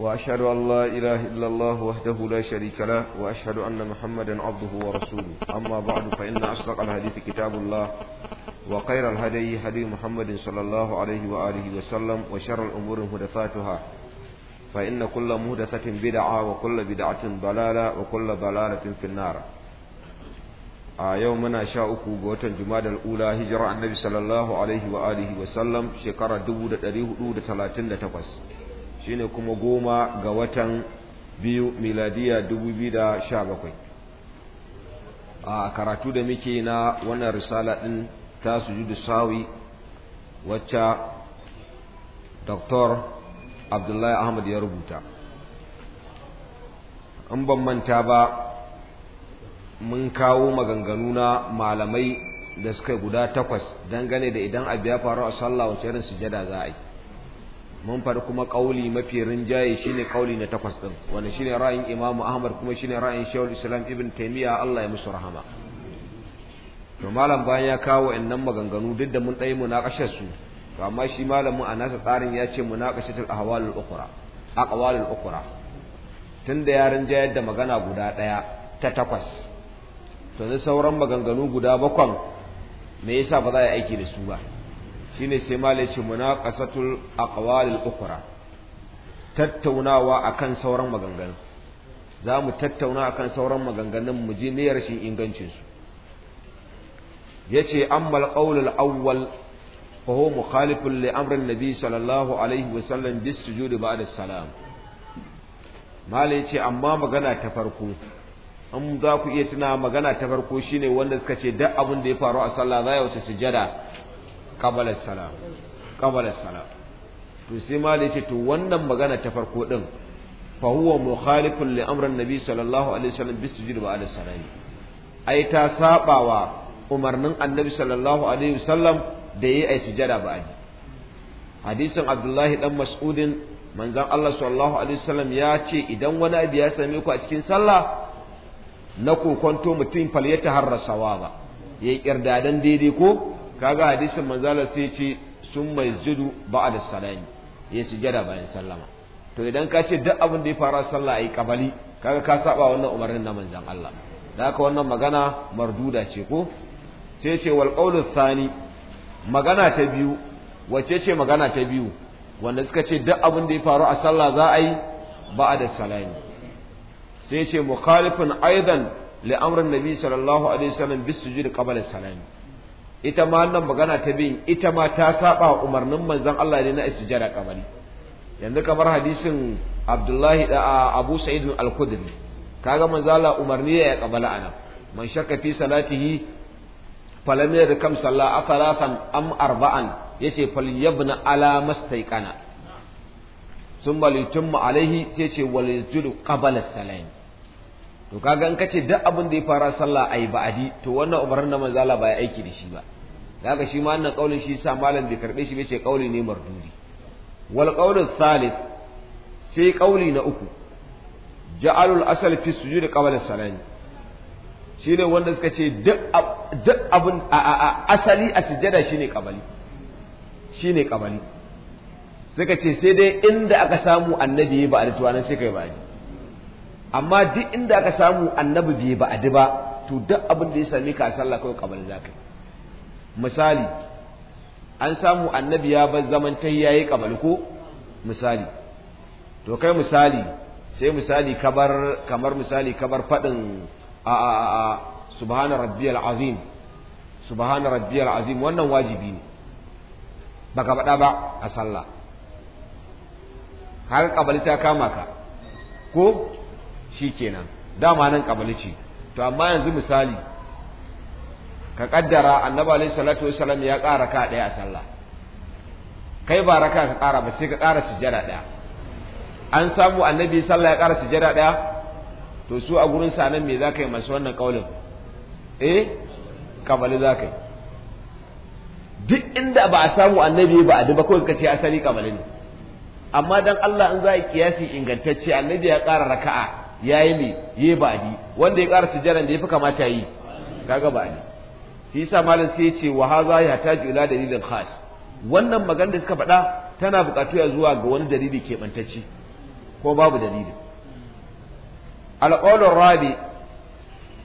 وأشهد أن لا إله إلا الله وحده لا شريك له وأشهد أن محمدا عبده ورسوله أما بعد فإن أصدق الحديث كتاب الله وخير الهدي هدي محمد صلى الله عليه وآله وسلم وشر الأمور محدثاتها فإن كل محدثة بدعة وكل بدعة ضلالة وكل ضلالة في النار a yau muna sha uku ga watan Jumadal Ula hijira annabi sallallahu alaihi wa alihi wa sallam shekara 1438 shine kuma goma ga watan biyu miladiya dubu biyu da sha bakwai a karatu da muke na wannan risala ɗin ta sujudu sawi wacce Dr. Abdullahi Ahmad ya rubuta in ban manta ba mun kawo maganganu na malamai da suka guda takwas dangane da idan abu ya faru a sallah wace irin sujada za a yi mun faɗi kuma ƙauli mafi rinjaye shine ƙauli na takwas ɗin wanda shine ra'ayin imamu ahmad kuma shine ra'ayin shawul islam ibn taimiyya allah ya musu rahama to malam bayan ya kawo wa'annan maganganu duk da mun ɗaya munakashar su to amma shi malamin a nasa tsarin ya ce munakashatul ahwalul ukhra aqwalul ukhra tunda ya rinjayar da magana guda ɗaya ta takwas to sauran maganganu guda bakwan me yasa ba za a yi aiki da su ba shine sai malai ce munaqasatul aqwalil ukhra tattaunawa akan sauran maganganu za mu tattauna akan sauran maganganun mu ji niyyar shin ingancin su yace ammal qawlul awwal fa huwa mukhalifun li amrin nabi sallallahu alaihi wa sallam bis sujud ba'da salam malai ce amma magana ta farko an za ku iya tuna magana ta farko shine wanda suka ce duk abin da ya faru a sallah za ya wuce sujada qabala salam qabala salam to sai malai ce to wannan magana ta farko din fa huwa mukhalifun li amrin nabi sallallahu alaihi wasallam bisujud wa ala salam ai ta sabawa umarnin annabi sallallahu alaihi wasallam da yayi ai sujada ba aji hadisin abdullahi dan mas'udin manzon Allah sallallahu alaihi wasallam ya ce idan wani abu ya same ku a cikin sallah na kokonto mutum falyata harra sawaba yayi irdadan daidai ko kaga hadisin manzala sai ce sun mai zudu da salami ya sujada bayan sallama to idan ka ce duk abin da ya fara sallah ayi kabali kaga ka saba wannan umarnin na manzon Allah da haka wannan magana marduda ce ko sai ce wal qawlu thani magana ta biyu wace ce magana ta biyu wanda suka ce duk abin da ya faru a sallah za a yi ba a da salami sai ce mukhalifun aidan li amrin nabi sallallahu alaihi wasallam bis sujud qabla salami ita ma wannan magana ta bin ita ma ta saba umarnin manzon Allah ne na istijara kabari yanzu kamar hadisin Abdullahi da Abu Sa'id al-Khudri kaga manzo Allah umarni ya kabala ana man shakka fi salatihi falam kam salla athalathan am arba'an yace fal yabna ala mastaiqana sun balitum alaihi yace ce wal yajlu qabala salam to kaga in kace duk abin da ya fara sallah ai ba'adi to wannan umarnin na manzala ba ya aiki da shi ba kaga shi ma wannan kaulin shi sa malam bai karbe shi bace kauli ne mardudi wal qaulu salis sai kauli na uku ja'alul asal fi sujud qabla salami shine wanda suka ce duk abin asali a sujada shine kabali shine kabali suka ce sai dai inda aka samu annabi ba a da sai kai ba amma duk inda aka samu annabi bai ba adi ba to duk abin da ya same ka sallah kawai kabar za ka misali an samu annabi ya bar zaman ta yayi kabar ko misali to kai misali sai misali kabar kamar misali kabar fadin a a a subhana rabbiyal azim subhana rabbiyal azim wannan wajibi ne baka faɗa ba a sallah har kabali ta kama ka ko shikenan dama nan kabali ce to amma yanzu misali ka kaddara annabi alaihi salatu wasallam ya ƙara ka ɗaya a sallah kai ba raka ka ƙara ba sai ka ƙara sujjada ɗaya an samu annabi sallah ya ƙara sujjada ɗaya to su a gurin sa nan me za ka yi masu wannan kaulin eh kabali za ka yi duk inda ba a samu annabi ba a duba kawai suka ce asali kabali ne amma dan Allah in za a kiyasi ingantacce annabi ya ƙara raka'a yayi ya yayi ba'di wanda ya ƙara tijaran da fi kamata yi kaga ba'di shi yasa malam sai ya ce wa hadha yahtaju ila dalilin khas wannan magana da suka faɗa tana buƙatu ya zuwa ga wani dalili keɓantacce ko babu dalili alƙawlin rabi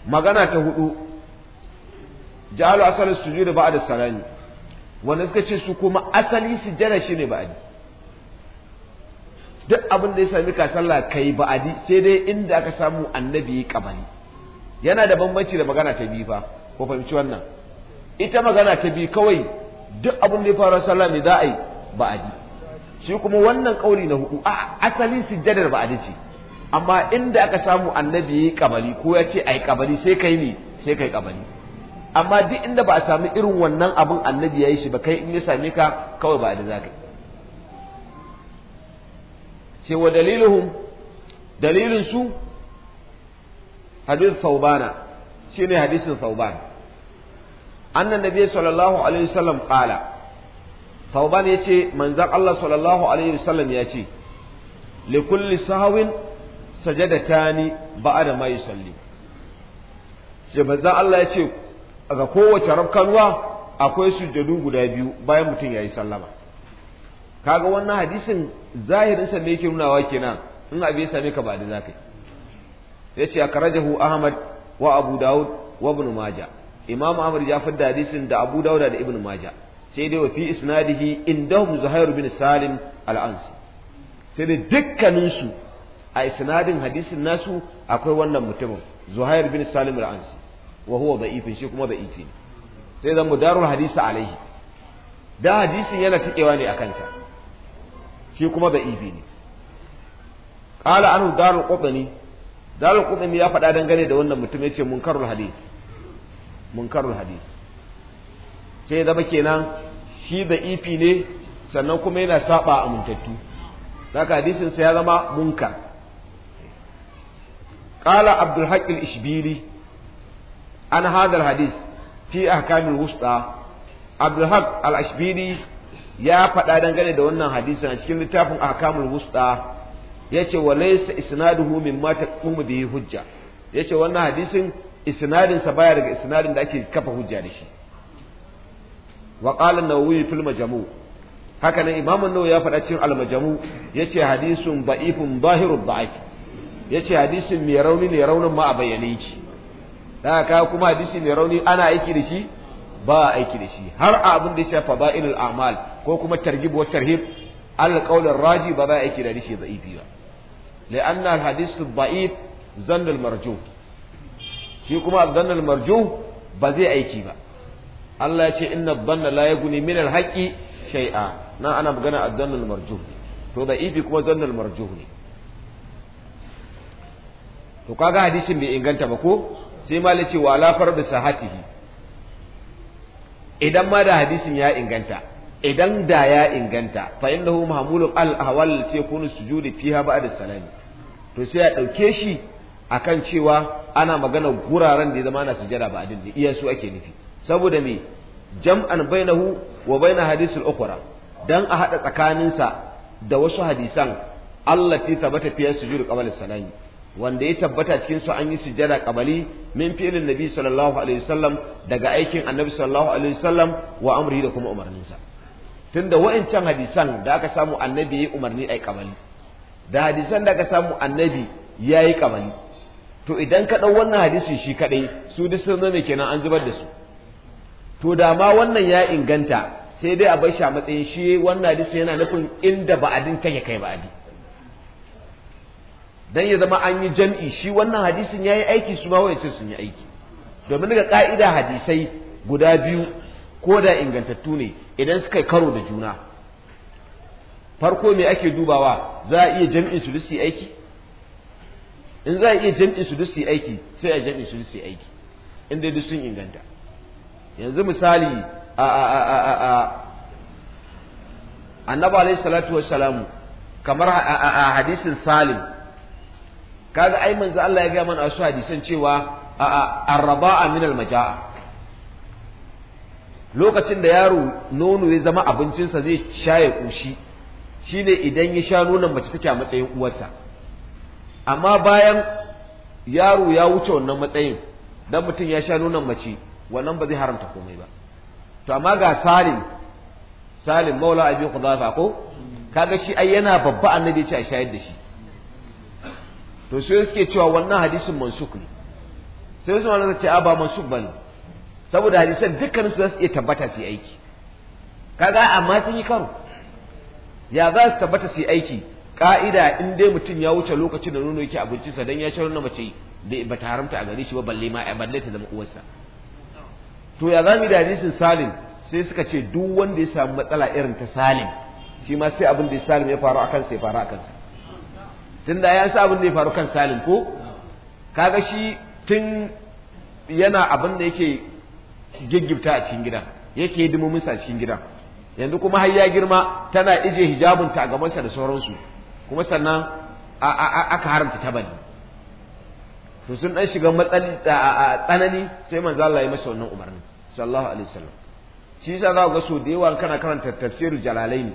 magana ta hudu ja'alu asalin sujud da sarari wanda suka ce su kuma asali shi ne ba'di duk abin da ya sami ka sallah kai ba'adi sai dai inda aka samu annabi kabari. yana da bambanci da magana ta biyu fa ko fahimci wannan ita magana ta biyu kawai duk abin da ya fara sallah ne za a yi ba'adi shi kuma wannan kauri na hudu a asali sujjadar ba'adi ce amma inda aka samu annabi ya ko ya ce ai kabari, sai kai ne sai kai kabari. amma duk inda ba a sami irin wannan abin annabi ya yi shi ba kai in ya same ka kawai ba'adi za ka yi ce wa daliluhum dalilin su hadith saubana shine hadisin sauban annan nabi sallallahu alaihi wasallam qala sauban ya ce manzan Allah sallallahu alaihi wasallam ya ce li kulli sahawin sajadatani da ma yusalli ce manzon Allah ya ce ga kowace rafkanuwa akwai sujjadu guda biyu bayan mutum ya yi sallama kaga wannan hadisin zahirin sa me yake nunawa kenan in abu ya same ka ba da zakai yace akarajahu ahmad wa abu daud wa ibn majah imam ahmad ya fadda hadisin da abu daud da ibn majah sai dai wa fi isnadihi indahum zuhair bin salim al-ansi sai dai dukkanin su a isnadin hadisin nasu akwai wannan mutumin zuhair bin salim al-ansi wa huwa da'ifin shi kuma da'ifi sai zan darul hadisi alaihi da hadisin yana tikewa ne a kansa shi kuma da ibi ne qala anu darul qutni darul qutni ya faɗa dangane da wannan mutum yace munkarul hadith munkarul hadith sai da zama kenan shi da ibi ne sannan kuma yana saba amintattu zaka hadisin sa ya zama munkar qala abdul haqqil ishbili an hadha hadith fi ahkam wusta abdul haqq al ashbili ya faɗa dangane da wannan hadisi a cikin littafin ahkamul wusta yace wa laysa isnaduhu mimma taqumu bihi hujja yace wannan hadisin isnadin sa baya daga isnadin da ake kafa hujja da shi wa qala an-nawawi fil majmu haka nan imam an ya faɗa cikin al-majmu yace hadisun ba'ifun zahirud da'if yace hadisin mai rauni ne raunin ma a bayyane shi da haka kuma hadisi mai rauni ana aiki da shi ba aiki da shi har a abin da ya shafa fadailul a'mal ko kuma targhib wa tarhib al raji ba za aiki da shi da'ifi ba لأن الحديث الضعيف ظن المرجو shi kuma zannan marju ba zai aiki ba Allah ya ce inna dhanna la yaghni min al-haqqi shay'a Na ana magana ad-dhannal to da kuma dhannal marjuh ne to kaga hadisin bai inganta ba ko sai ma ce wa la da sahatihi idan ma da hadisin ya inganta idan da ya inganta fa innahu mahmulu al ahwal ce kunu sujudi fiha ba'da salami to sai ya dauke shi akan cewa ana magana guraren da ya zama na sujada ba adin iya su ake nufi saboda me jam'an bainahu wa baina hadisul ukhra dan a hada tsakaninsa da wasu hadisan Allah ta tabbata fiye sujudi qabla salami wanda ya tabbata cikin su an yi sujada qabali min fi'lin nabi sallallahu alaihi wasallam daga aikin annabi sallallahu alaihi wasallam wa amri da kuma umarninsa tunda wa'ancan hadisan da aka samu annabi ya umarni ai kabali da hadisan da aka samu annabi ya yi qabali to idan ka dau wannan hadisi shi kadai su duk sun zama kenan an zubar da su to da ma wannan ya inganta sai dai a bar shi a matsayin shi wannan hadisi yana nufin inda ba'adin kake kai ba'adi dan ya zama an yi jam'i shi wannan hadisin yayi aiki su ma wayance sun yi aiki domin daga ka'ida hadisai guda biyu ko da ingantattu ne idan suka karo da juna farko me ake dubawa za a iya jam'in su duk aiki in za a iya jam'in su duk aiki sai a jam'in su duk aiki in dai duk sun inganta yanzu misali a a a a a annabi alayhi salatu wassalamu kamar a hadisin salim kaga ai manzo Allah ya ga mana asu hadisan cewa a arba'a min almaja'a lokacin da yaro nono ya zama abincinsa zai shaye kushi shine idan ya sha nonon mace take a matsayin uwarsa amma bayan yaro ya wuce wannan matsayin dan mutum ya sha nonon mace wannan ba zai haramta komai ba to amma ga salim salim maula abi qudafa ko kaga shi ai yana babba annabi ya ce a shayar da shi to sai suke cewa wannan hadisin mansuk ne sai su wannan ce a ba mansuk bane saboda hadisan dukkan su zasu iya tabbata su yi aiki kaga amma sun yi karo ya za su tabbata su yi aiki ka'ida in dai mutum ya wuce lokacin da nono yake abincinsa dan ya sha na mace ba ta haramta a gare shi ba balle ma balle ta zama uwarsa to ya zamu da hadisin salim sai suka ce duk wanda ya samu matsala irin ta salim shi ma sai abin da salim ya faru akan sai faru akan sa Tun da ya sa abin da ya faru kan salim ko kaga shi tun yana abin da yake giggibta a cikin gidan yake hidimomin sa cikin gidan yanzu kuma har ya girma tana ije hijabun ta gabansa da sauransu kuma sannan aka haramta ta tabani to sun dan shiga matsali tsanani sai manzo Allah ya masa wannan umarni sallallahu alaihi wasallam shi yasa za ga so da yawa kana karanta tafsirul jalalain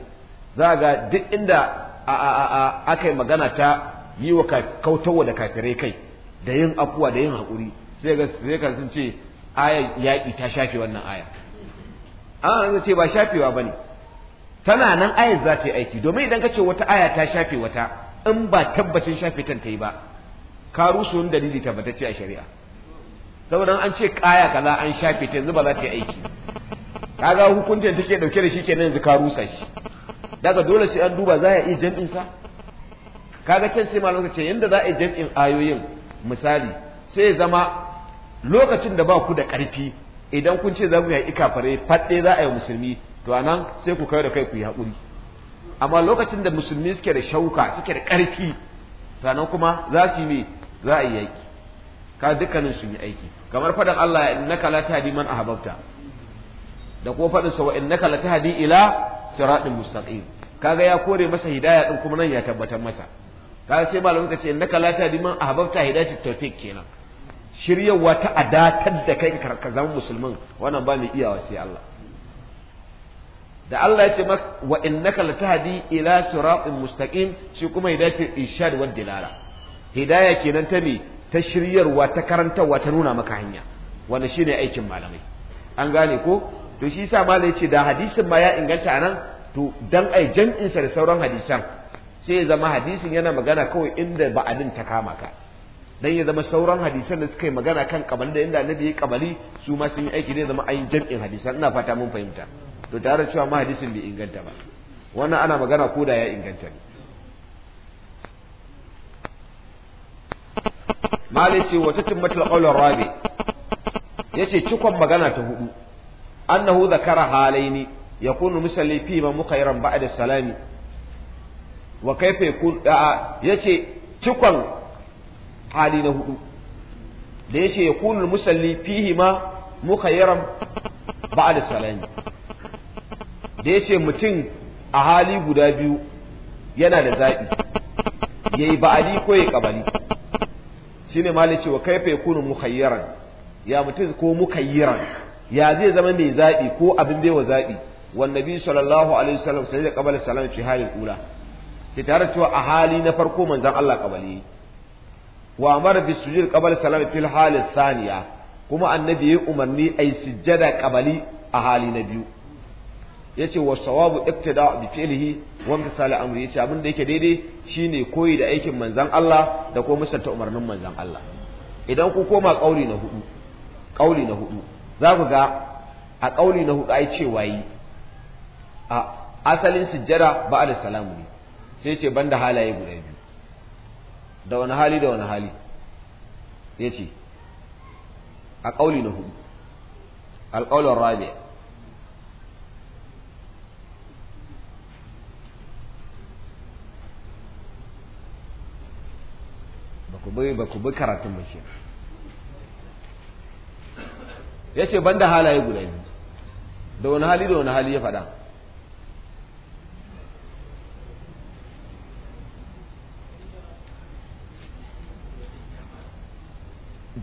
za ga duk inda aka yi magana ta yi wa kautawa da kafirai kai da yin afuwa da yin haƙuri sai ga sai ka sun ce aya yaƙi ta shafe wannan aya an zai ce ba shafewa bane tana nan ayar za ta yi aiki domin idan ka ce wata aya ta shafe wata in ba tabbacin shafe tan ta yi ba ka rusu wani dalili tabbatacce a shari'a saboda an ce kaya kaza an shafe ta yanzu ba za ta yi aiki kaga hukuncin take dauke da shi kenan yanzu ka rusa shi daga dole sai an duba za a iya jam'in sa kaga can sai ma ce yanda za a yi jam'in ayoyin misali sai zama lokacin da ba ku da ƙarfi idan kun ce za ku yaƙi kafare fadde za a yi musulmi to anan sai ku kai da kai ku yi haƙuri amma lokacin da musulmi suke da shauka suke da ƙarfi sannan kuma za su yi za a yi yaƙi ka dukkanin sun yi aiki kamar faɗin Allah ya innaka la tahdi man ahbabta da kuma faɗin sa wa innaka la tahdi ila siratin mustaqim kaga ya kore masa hidaya din kuma nan ya tabbatar masa kaga sai malamin ka ce innaka la tahdi man ahbabta hidayatu tawfiq kenan shiryawa ta adatar da kai ka zama musulmin wannan ba mai iyawa sai Allah da Allah ya ce maka wa innaka la tahdi ila siratin mustaqim shi kuma hidayatu irshad wad dilala hidaya kenan ta ne ta shiryarwa ta karantarwa ta nuna maka hanya wannan shine aikin malamai an gane ko to shi sa malai ce da hadisin ma ya inganta anan to dan ai jam'in sa da sauran hadisan sai ya zama hadisin yana magana kawai inda ba'adin ta kama ka dan ya zama sauran hadisan da suka yi magana kan kabali da inda annabi ya kabali su ma sun yi aiki da zama ayin jam'in hadisan ina fata mun fahimta to tare cewa ma hadisin bai inganta ba wannan ana magana ko da ya inganta ne malice wata timmatul qawlar rabi yace cikon magana ta hudu annahu zakara halaini yakunu musalli fi ma mukayran ba'da salami wa kaifa yakun a cikon hali na hudu da yace yakunu musalli fihi ma mukayran ba'da salami da yace mutum a hali guda biyu yana da zaɓi yayi ba'ali ko ya kabali shine malai ce wa kaifa yakunu mukayyaran ya mutum ko mukayyiran ya zai zama mai zaɓi ko abin baiwa zaɓi والنبي صلى الله عليه وسلم سيدي قبل السلام في حال الأولى تتعرف أهالي نفركو من ذن الله قبلي وأمر بالسجود قبل السلام في الحال الثانية كما النبي أمرني أي سجدة قبلي أهالي نبيو yace wa sawabu iktida bi fi'lihi wa misal amri yace abin da yake daidai shine koyi da aikin manzon Allah da ko misalta umarnin manzon Allah idan ku koma kauli na hudu kauli na hudu za ku ga a kauli na hudu ai cewa yi a asalin sujjada ba da salamu ne sai ce ban da halaye guda biyu da wani hali da wani hali ya ce a ƙauli na hudu alƙaular rabia ba ku bi karatun ba ke ya ce ban da halaye guda biyu da wani hali da wani hali ya faɗa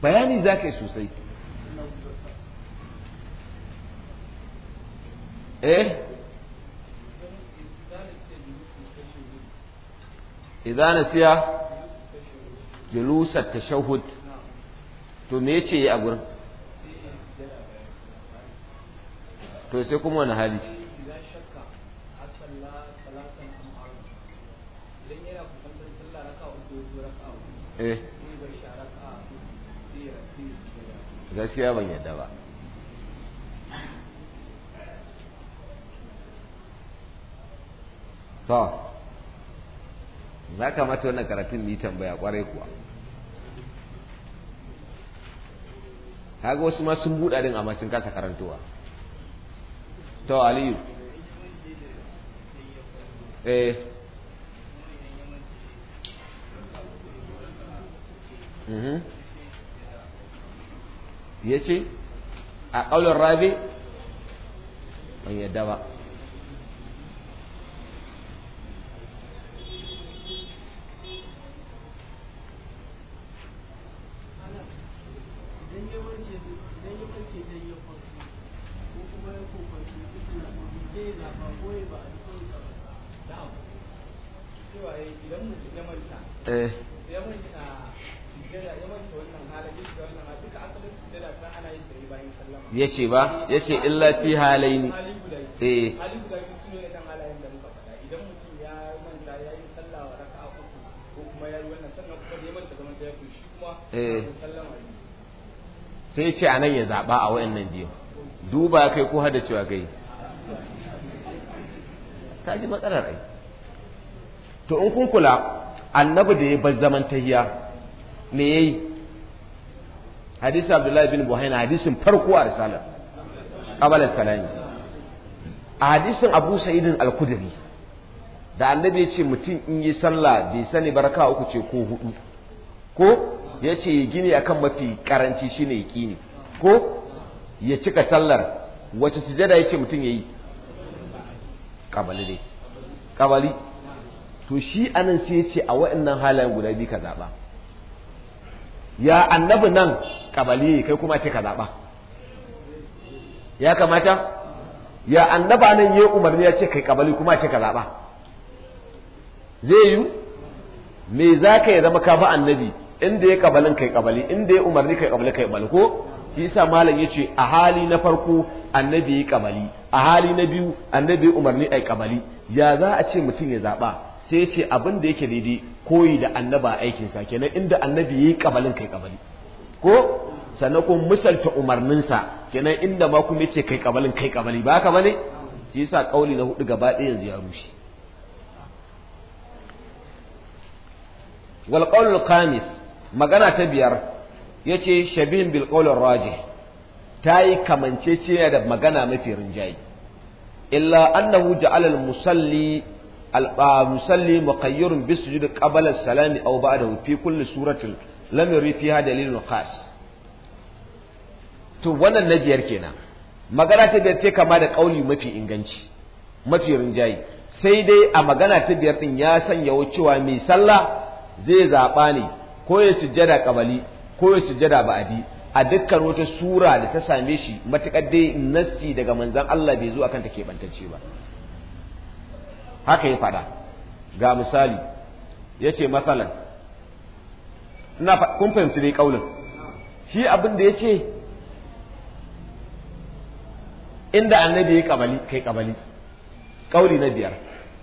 bayani za ka yi sosai eh siya nasiya ta shahud. to me yace yi a gurin to sai kuma wani hali eh gaskiya ban yadda ba to za ka mata wannan karatun ni tambaya kwarai kuwa kaga wasu ma sun buɗa din amma sun kasa karantowa to aliyu eh mm-hmm. ya ce a ƙaunar rabi ban yadda ba yace ba yace illa fi halaini eh. eh sai ce a nan ya zaɓa a wa'annan biyu duba kai ko hada cewa kai ta ji matsalar ai to in kun kula annabi da ya bar zaman tahiya me yayi hadisi abdullahi bin buhaina hadisin farko a risalar qabala salami a hadisin abu sa'idin al da annabi ya ce mutum in yi sallah bai sani baraka uku ce ko hudu ko ya ce ya gini a kan mafi karanci ne ya kini ko ya cika sallar wace sujada ya ce mutum ya yi kabali dai kabali to shi anan sai ya ce a waɗannan halayen guda biyu ka zaɓa ya annabi nan kabali kai kuma ce ka zaɓa ya kamata ya annaba nan ya umarni ya ce kai kabali kuma ce ka zaɓa zai yi me za ka yi zama ka annabi inda ya kabalin kai kabali inda ya umarni kai kabali kai kabali ko shi yasa malam yace a hali na farko annabi ya kabali a hali na biyu annabi umarni ai kabali ya za a ce mutum ya zaɓa sai ya ce abin da yake daidai koyi da annaba aikinsa kenan inda annabi yayi kabalin kai kabali ko sannan ko misalta umarninsa kenan inda ma kuma yace kai kabalin kai kabali ba ka bane shi yasa kauli na hudu gaba ɗaya yanzu ya rushe wal qawl khamis magana ta biyar yace shabihin bil qawl rajih tayi kamanceceniya da magana mafi rinjayi illa annahu ja'ala al musalli al musalli muqayyirun bisujudi qabala qabla salami aw ba'dahu fi kulli suratin lam yuri fiha dalilun khas to wannan na biyar kenan magana ta biyar ce kama da kauli mafi inganci mafi rinjayi sai dai a magana ta biyar din ya sanya wucewa mai sallah zai zaɓa ne ko ya sujjada kabali ko ya sujjada ba'adi a dukkan wata sura da ta same shi matukar dai nassi daga manzon Allah bai zo akan ta keɓantacce ba haka ya faɗa ga misali ya ce matsalan ina kun fahimci dai kaulin shi abin da ce. inda annabi ya kabali kai kabali kauli na biyar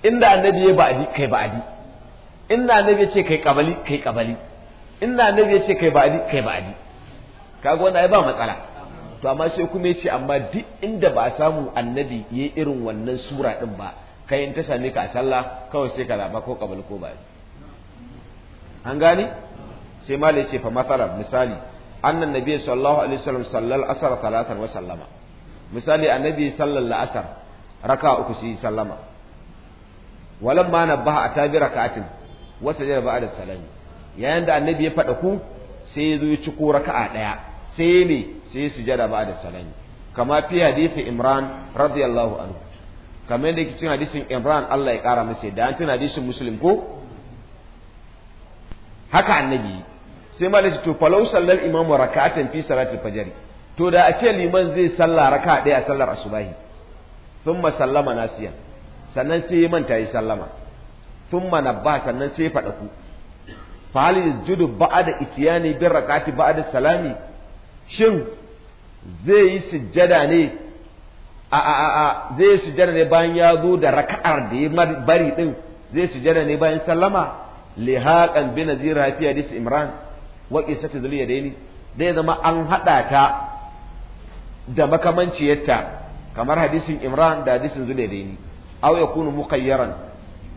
inda annabi ya ba'adi kai ba'adi inda annabi ya ce kai kabali kai kabali inda annabi ya ce kai ba'adi kai ba'adi kaga wanda ai ba matsala to amma sai kuma ya ce amma duk inda ba a samu annabi yayi irin wannan sura din ba kai in ta same ka a sallah kawai sai ka zaba ko kabali ko ba'adi an gani sai malai ce fa matsala misali annan nabi sallallahu alaihi wasallam sallal asar talatan wa sallama misali annabi sallal asar raka uku shi sallama walam ma nabbaha atabi rak'atin wa sajada ba'da salami yayin da annabi ya fada ku sai ya zo ya ci ko raka'a daya sai ne sai sujada ba'da salami kama fi hadisi imran radiyallahu anhu kamar yadda yake cin hadisin imran Allah ya kara masa da an tuna hadisin muslim ko haka annabi sai malai to falau sallal imam raka'atan fi salatil fajr to da a ce liman zai salla raka'a ɗaya a sallar asubahi thumma sallama nasiyan sannan sai manta yi sallama thumma nabba sannan sai fada ku fa hal yasjudu ba'da itiyani bi rak'ati ba'da salami shin zai yi sujjada ne a a a zai sujjada ne bayan ya zo da raka'ar da ya bari din zai sujjada ne bayan sallama lihaqan bi nazir fi hadis imran wa qissati zul yadaini zai zama an hada ta da makamanciyarta kamar hadisin imran da hadisin zuliya daini aw yakunu muqayyaran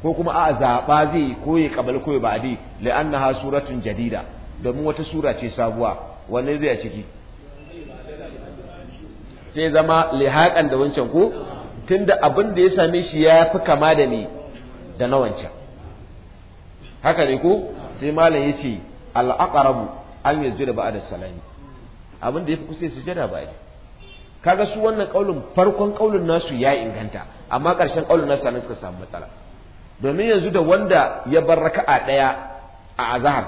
ko kuma a zaba zai koyi kabal koyi ba'di li'annaha suratun jadida domin wata sura ce sabuwa wanne zai a ciki sai zama lihaqan da wancan ko tunda abin da ya same shi ya fi kama da ni da na wancan haka ne ko sai malam yace al aqrabu an yajira ba'da salami abin da yafi kusa sujada ba ai kaga su wannan kaulin farkon kaulin nasu ya inganta amma karshen kaulin nasu ne suka samu matsala domin yanzu da wanda ya bar raka'a daya a azhar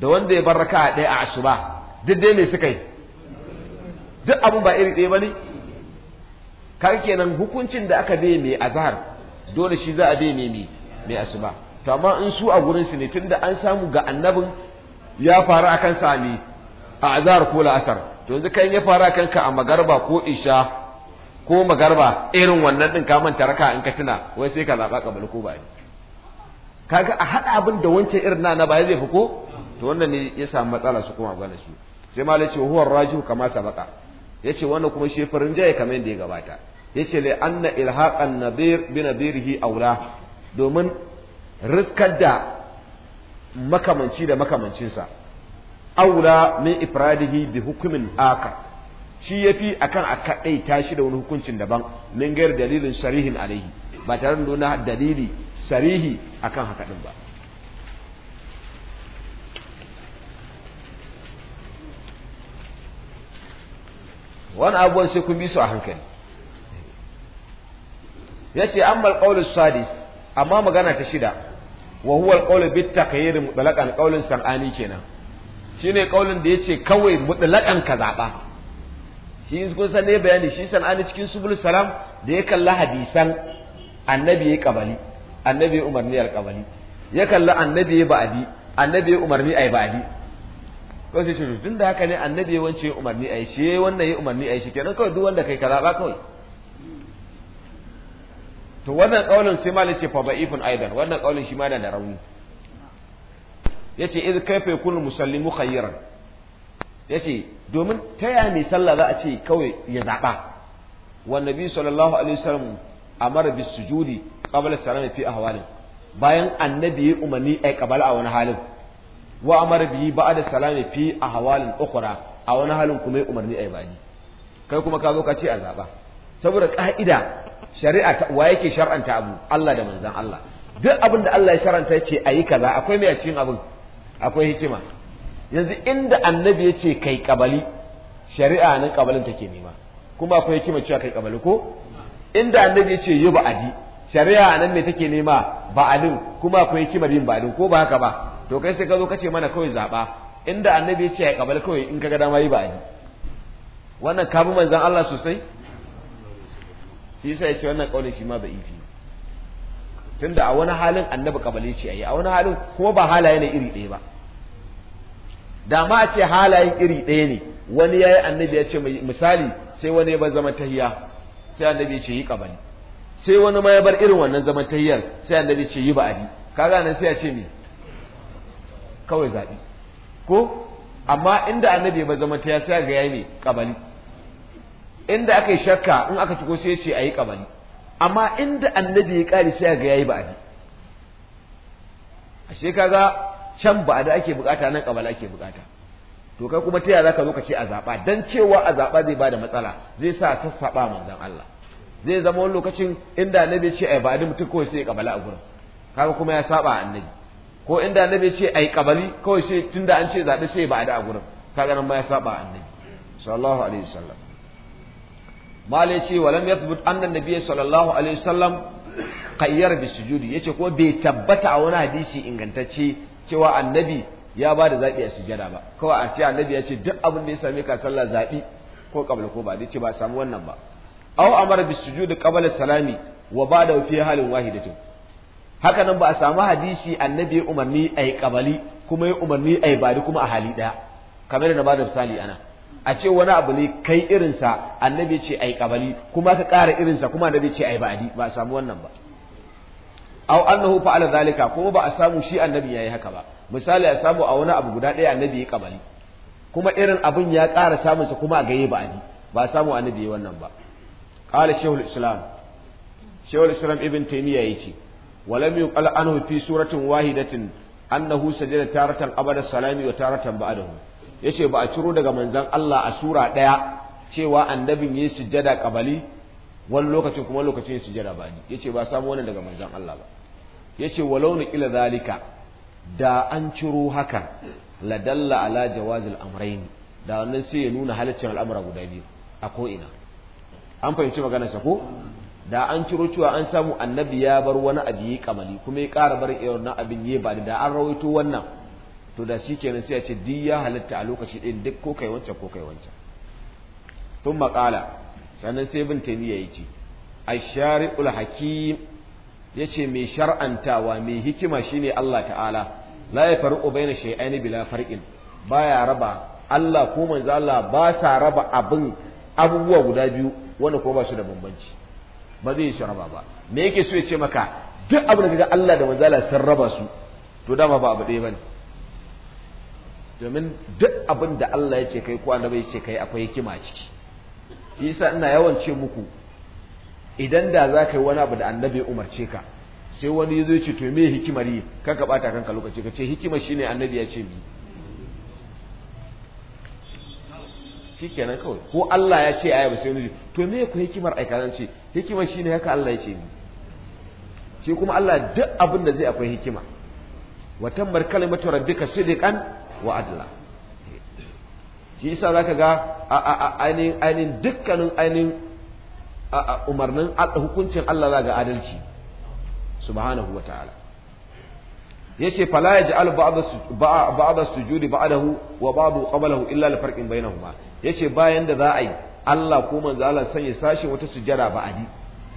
da wanda ya bar raka'a ɗaya a asuba duk dai ne suka yi duk abun ba iri ɗaya bane kaga kenan hukuncin da aka bai mai azahar dole shi za a bai mai mai asuba to amma in su a gurin su ne tunda an samu ga annabin ya faru akan sami a azar ko la'asar to yanzu kai ya faru akan ka a magarba ko isha ko magarba irin wannan din ka manta raka in ka tuna wai sai ka zaba kabul ko bai kaga a hada abin da wancan irin na ba zai fi ko to wannan ne ya samu matsala su kuma gane su sai ma yace huwar raju kama sabaka yace wannan kuma shi farin jaye kamar yadda ya gabata yace la anna ilhaqan nabir bi nabirihi aula domin riskar da makamanci da makamancinsa aula min ifradihi bi hukumin akar shi yafi akan a kaɗai tashi da wani hukuncin daban min gair dalilin sarihin alaihi ba tare da nuna dalili sarihi akan haka din ba wani abuwan sai kun bi su a hankali ya ce an malƙaunin sadis amma magana ta shida wa huwa alqawlu bi takayyir mutlaqan qawlin sanani kenan shine qawlin da yace kawai mutlaqan ka zaba shi kun san ne bayani shi sanani cikin subul salam da ya kalla hadisan annabi ya kabali annabi umarni alkabali ya kalla annabi ya ba'adi annabi ya umarni ai ba'adi ko sai shi tunda haka ne annabi ya wance umarni ai shi wannan ya umarni ai shi kenan kawai duk wanda kai ka zaba kawai to wannan kaulin sai malai ce fa da'ifun aidan wannan kaulin shi ma da da rauni yace iz kaifa yakunu musallimu khayran yace domin ta ya mai sallah za a ce kawai ya zaba wa nabi sallallahu alaihi wasallam amara bis sujudi qabla salam fi ahwalin bayan annabi ya umarni ai qabala a wani halin wa amara bihi ba'da salam fi ahwalin ukhra a wani halin kuma ya umarni ai bani kai kuma ka zo ka ce a zaba saboda ka'ida shari'a wa yake shar'anta abu Allah da manzon Allah duk abin da Allah ya shar'anta yace ayi kaza akwai mai a cikin abin akwai hikima yanzu inda annabi ce kai kabali shari'a nan kabalin take nema kuma akwai hikima cewa kai kabali ko inda annabi ce yi ba'adi shari'a nan me take nema ba'adin kuma akwai hikimar yin ba'adin ko ba haka ba to kai sai ka zo kace mana kawai zaba inda annabi ce kai kabali kawai in kaga dama yi ba'adi wannan kabi manzon Allah sosai shi yasa ce wannan kaulin shi ma da ifi tunda a wani halin annabi kabale ce ayi a wani halin kuma ba halaye ne iri ɗaya ba da ma ce halayen iri ɗaya ne wani yayi annabi ya ce misali sai wani ya bar zaman tahiya sai annabi ya ce yi kabali sai wani ma ya bar irin wannan zaman tahiyar sai annabi ya ce yi ba'adi kaga nan sai ya ce me kawai zabi ko amma inda annabi ya bar zaman tahiya sai ga yayi ne kabali inda aka yi shakka in aka ciko sai ce a yi kabali amma inda annabi ya kare sai ga yayi ba'adi ashe kaga can ba'adi ake bukata nan kabala ake bukata to kai kuma ta yaya zaka zo ka ce a zaba dan cewa a zaba zai bada matsala zai sa sassaba manzon Allah zai zama wani lokacin inda annabi ce ai ba'adi mutum kawai sai ya kabala a gurin kaga kuma ya saba annabi ko inda annabi ce ai kabali kawai sai tunda an ce zaɓe sai ba'adi a gurin kaga nan ma ya saba annabi sallallahu alaihi wasallam mala ce walam yathbut anna nabiyyi sallallahu alaihi wasallam qayyar bi sujudi yace ko bai tabbata a wani hadisi ingantacce cewa annabi ya ba da zaɓi a sujada ba kawai a ce annabi ya ce duk abin da ya same ka sallah zaɓi ko kabla ko ba da ce ba samu wannan ba aw amara bis sujudi qabla salami wa ba'da fi halin wahidatin haka nan ba a samu hadisi annabi ya umarni ai yi kabali kuma ya umarni a bari kuma a hali ɗaya kamar da ba da misali ana a ce wani abu ne kai irinsa annabi ce ai kabali kuma ka ƙara irinsa kuma annabi ce ai ba'adi ba a samu wannan ba aw annahu fa'ala zalika kuma ba a samu shi annabi yayi haka ba misali a samu a wani abu guda ɗaya annabi ya kabali kuma irin abun ya ƙara sa kuma a gaye ba'adi ba a samu annabi yayi wannan ba qala shaykhul islam shaykhul islam ibn taymiya yace ولم يقل عنه في سورة واحدة أنه سجد تارة قبل السلام وتارة بعده yace ba a ciro daga manzon Allah a sura ɗaya cewa annabin yayi sujjada kabali wani lokacin kuma lokacin yayi sujjada bani yace ba samu wannan daga manzon Allah ba yace walau ila zalika da an ciro hakan ladalla ala jawazil amrayn da wannan sai ya nuna halaccin al'amura guda biyu a ko'ina an fahimci maganar sa ko da an ciro cewa an samu annabi ya bar wani abu yi kamali kuma ya kara barin irin abin yi ba da an rawaito wannan to da shi kenan sai a ce duk ya halatta a lokaci ɗin duk ko kai wancan ko kai wancan tun maƙala sannan sai bin niyya ya ce ashari'ul hakim ya ce mai shar'antawa mai hikima shine Allah ta'ala la ya faru baina shay'aini bila farqin baya raba Allah ko manzo Allah ba sa raba abin abubuwa guda biyu wanda ko ba su da bambanci ba zai shi raba ba me yake so ya ce maka duk abin da Allah da manzo Allah sun raba su to dama ba abu ɗaya bane domin duk abin da Allah ya ce kai ko annabi ya ce kai akwai hikima a ciki shi yasa ina yawan ce muku idan da za ka yi wani abu da annabi umarce ka sai wani ya zo ya ce to me hikimar yi ka ka bata kanka lokaci ka ce hikimar shine annabi ya ce mi shikenan kawai ko Allah ya ce ayyaba sai wani to me ku hikimar aikanan ce hikimar shine haka Allah ya ce mi shi kuma Allah duk abin da zai akwai hikima wa tammar kalimatu rabbika sidqan wa adla shi yasa zaka ga ainihin ainihin dukkanin ainihin umarnin hukuncin Allah za ga adalci subhanahu wa ta'ala yace fala yaj'al ba'd as-sujudi ba'dahu wa ba'du qablahu illa li farqin bainahuma yace bayan da za a yi Allah ko manzo Allah sanya sashin wata sujada ba'adi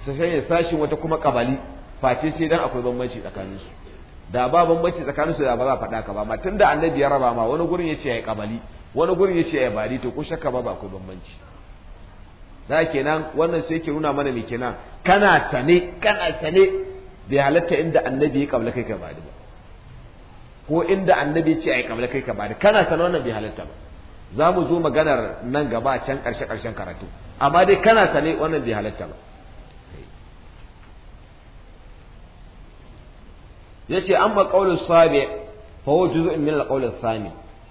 sai sanya sashin wata kuma kabali face sai dan akwai bambanci tsakaninsu da ba bambanci tsakanin su da ba za faɗa ka ba ma tunda annabi ya raba ma wani gurin yace yi kabali wani gurin yace yi bari to ko shakka ba ba ku bambanci da kenan wannan sai yake nuna mana me kenan kana sane kana sane da halatta inda annabi ya kabla kai ka bari ba ko inda annabi ce ai kabla kai ka bari kana sane wannan bai halatta ba za mu zo maganar nan gaba can ƙarshe ƙarshen karatu amma dai kana sane wannan bai halatta ba yace amma qaulus sabi fa huwa juz'un min al-qaul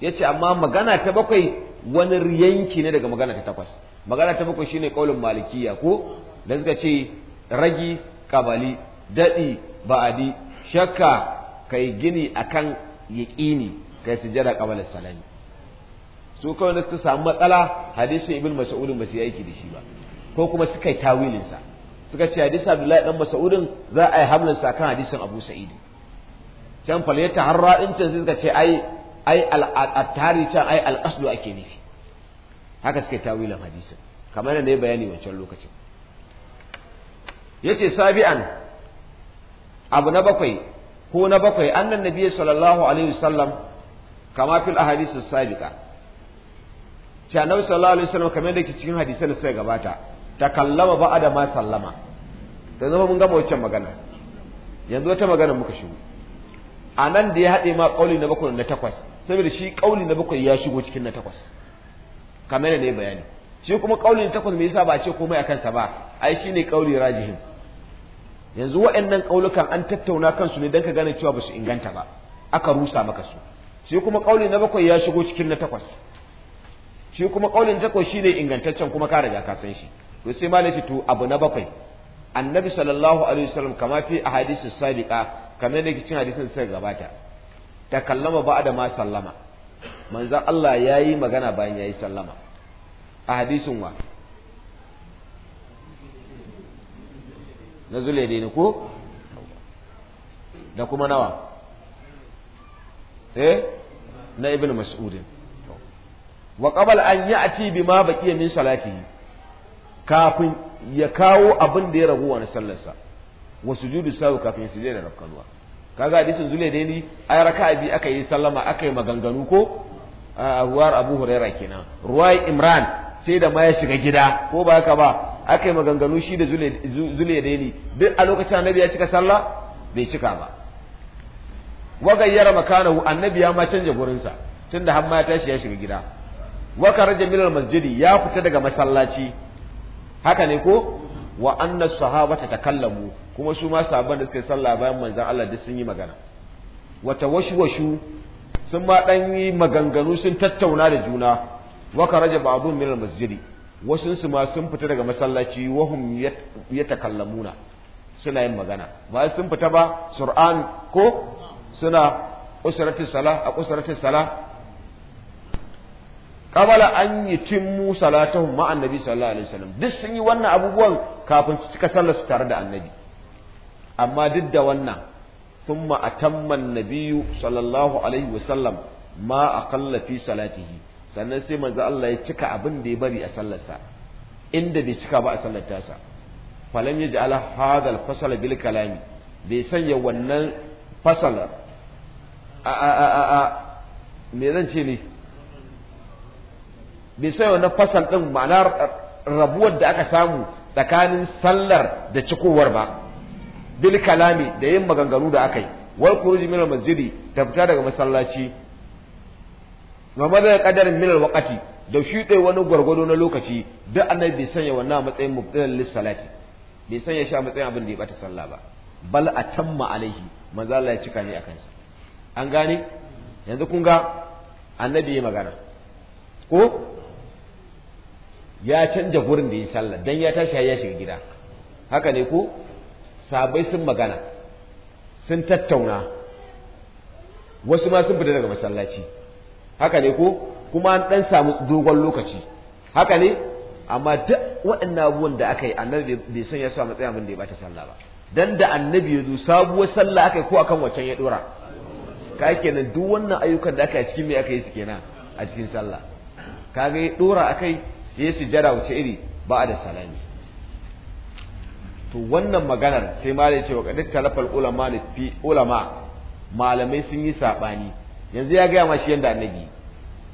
yace amma magana ta bakwai wani riyanki ne daga magana ta takwas magana ta bakwai shine qaulun malikiya ko Dan suka ce ragi kabali dadi ba'adi shakka kai gini akan yaqini kai sujada qabala salami su kawai da su samu matsala hadisin ibn mas'ud ba su yi aiki da shi ba ko kuma suka yi tawilinsa suka ce hadisin abdullahi dan mas'udin za a yi hamlinsa kan hadisin abu sa'idi can falyata har din can suka ce ai ai al-attari can ai al-qasdu ake nufi haka suke tawilan hadisin kamar da ne bayani wancan lokacin yace sabi'an abu na bakwai ko na bakwai annan nabi sallallahu alaihi wasallam kama fil ahadith as-sabiqa cewa nabi sallallahu alaihi wasallam kamar da ke cikin hadisan da suka gabata takallama ba'ada ma sallama da zama mun gama wancan magana yanzu wata magana muka shigo a nan da ya haɗe ma ƙauli na bakwai na takwas saboda shi ƙauli na bakwai ya shigo cikin na takwas kamar ne bayani shi kuma ƙauli na takwas me yasa ba a ce komai a kansa ba ai shi ne ƙauli rajihin yanzu waɗannan ƙaulukan an tattauna kansu ne don ka gane cewa ba su inganta ba aka rusa maka su shi kuma ƙauli na bakwai ya shigo cikin na takwas shi kuma ƙaulin takwas shi ne ingantaccen kuma ka riga ka san shi to sai malai to abu na bakwai annabi sallallahu alaihi wasallam kama fi ahadisi sadiqa kamar da cikin hadisin sai gabata ta kallama da ma sallama manzon Allah yayi magana bayan yayi sallama a hadisin wa na zule ne ko da kuma nawa eh na ibnu mas'udin wa qabal an ya'ti bima baqiya min salatihi kafin ya kawo abin da ya ragu wani sallarsa wa sujudu sahu kafin sujud da rafkanuwa kaga hadisin zule da ni ay raka'a bi aka yi sallama akai maganganu ko a Abu Huraira kenan ruwai Imran sai da ma ya shiga gida ko ba haka ba akai maganganu shi da zule da ni duk a lokacin annabi ya cika sallah bai cika ba wa gayyara makanahu annabi ya ma canja gurinsa tunda har ma ya tashi ya shiga gida wa karaja min masjidi ya fita daga masallaci haka ne ko wa anna sahabata takallamu kuma su ma sahaban da suka yi sallah bayan manzon Allah duk sun yi magana wa tawashwashu sun ma dan yi maganganu sun tattauna da juna wa karaja ba'dun min al-masjidi wasun su ma sun fita daga masallaci wa hum yatakallamuna suna yin magana ba sun fita ba sur'an ko suna usratis salah a usratis sala. kabala an yutimmu salatahum ma annabi sallallahu alaihi wasallam duk sun yi wannan abubuwan kafin su cika sallar su tare da annabi amma duk da wannan thumma atamma annabiyyu sallallahu alaihi wasallam ma aqalla fi salatihi sannan sai manzo Allah ya cika abin da ya bari a sallarsa inda bai cika ba a sallar tasa falam yaj'ala hadal fasala bil kalami bai sanya wannan fasala a a a a me zan ce ne bisa sai wannan fasal ɗin ma'ana rabuwar da aka samu tsakanin sallar da cikowar ba bil kalami da yin maganganu da aka yi wal kuruji minal masjidi ta fita daga masallaci wa madar qadarin minal waqti da shi dai wani gwargwado na lokaci duk annabi bai sanya wannan matsayin mubtilan lissalati. bai sanya shi a matsayin abin da ya bata sallah ba bal atamma alaihi manzo Allah ya cika ne akan sa an gane yanzu kun ga annabi ya magana ko ya canja gurin da ya sallah dan ya tashi ya shiga gida haka ne ko sabai sun magana sun tattauna wasu ma sun fita daga masallaci haka ne ko kuma an dan samu dogon lokaci haka ne amma duk waɗannan abubuwan da aka yi annabi bai san ya sa matsaya abin da ya bata sallah ba dan da annabi ya zo sabuwar sallah aka yi ko akan wancan ya dora ka kenan duk wannan ayyukan da aka yi cikin me aka yi su kenan a cikin sallah kaga ya dora akai ya sujjada wuce iri ba da salami to wannan maganar sai ma ya ce wa kadit talafal ulama fi ulama malamai sun yi sabani yanzu ya gaya ma shi yanda annabi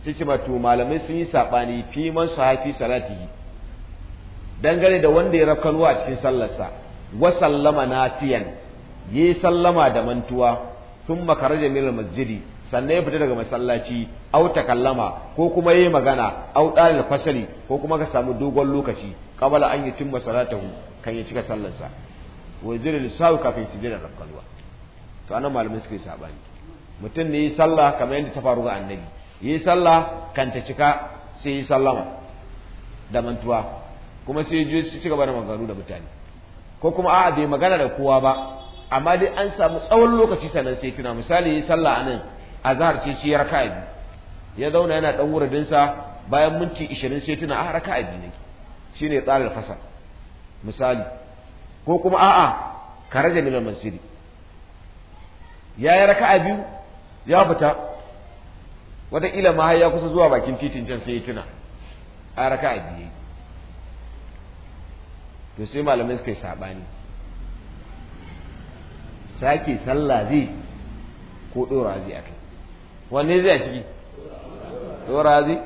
sai ce ma to malamai sun yi sabani fi man sahafi salatihi dangane da wanda ya rafkanuwa a cikin sallarsa wa sallama nasiyan yi sallama da mantuwa sun makarajar milar masjidi sannan ya fita daga masallaci au kallama ko kuma yayi magana au da fasali ko kuma ka samu dogon lokaci kabala an yutimma salatahu kan ya cika sallarsa wa yuzilul sawu kafin da rakkalwa to anan malamin suka yi sabani mutum ne yi sallah kamar yadda ta faru ga annabi yi sallah kan ta cika sai yi sallama da mantuwa kuma sai je su ci gaba da maganganu da mutane ko kuma a'a bai magana da kowa ba amma dai an samu tsawon lokaci sannan sai tuna misali yi sallah anan azhar ce shi raka'a biyu ya zauna yana dan wuridin sa bayan minti 20 sai tuna a ah, raka'a biyu nake shine tsarin fasa. misali ko kuma a'a ka raja al masjidi ya yi raka'a biyu ya fita wataƙila ma ya kusa zuwa bakin titin can sai ya tuna a ah, raka'a biyu to sai malamai suka yi saɓani sake sallah zai ko ɗora zai a kai wanne zai a ciki dora zai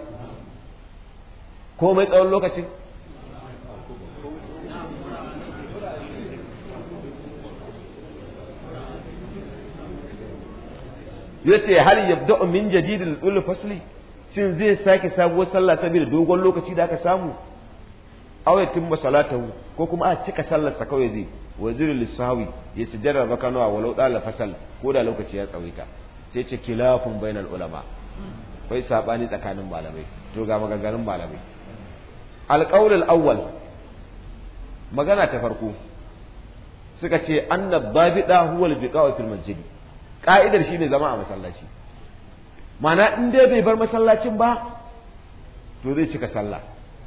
komai tsawon lokacin yace hal yabda'u min jadid al fasli shin zai sake sabuwar sallah saboda dogon lokaci da aka samu aw ta hu, ko kuma a cika sallar sa kawai zai wazirin lissawi ya sujjada baka nawa walau dala fasal ko da lokaci ya tsawaita sai ce kilafun bainar ulama akwai sabani tsakanin malamai to ga maganganun malamai alqaulul awwal magana ta farko suka ce anna babida huwal albiqa fil masjid ka'idar shine zama a masallaci mana in dai bai bar masallacin ba to zai cika sallah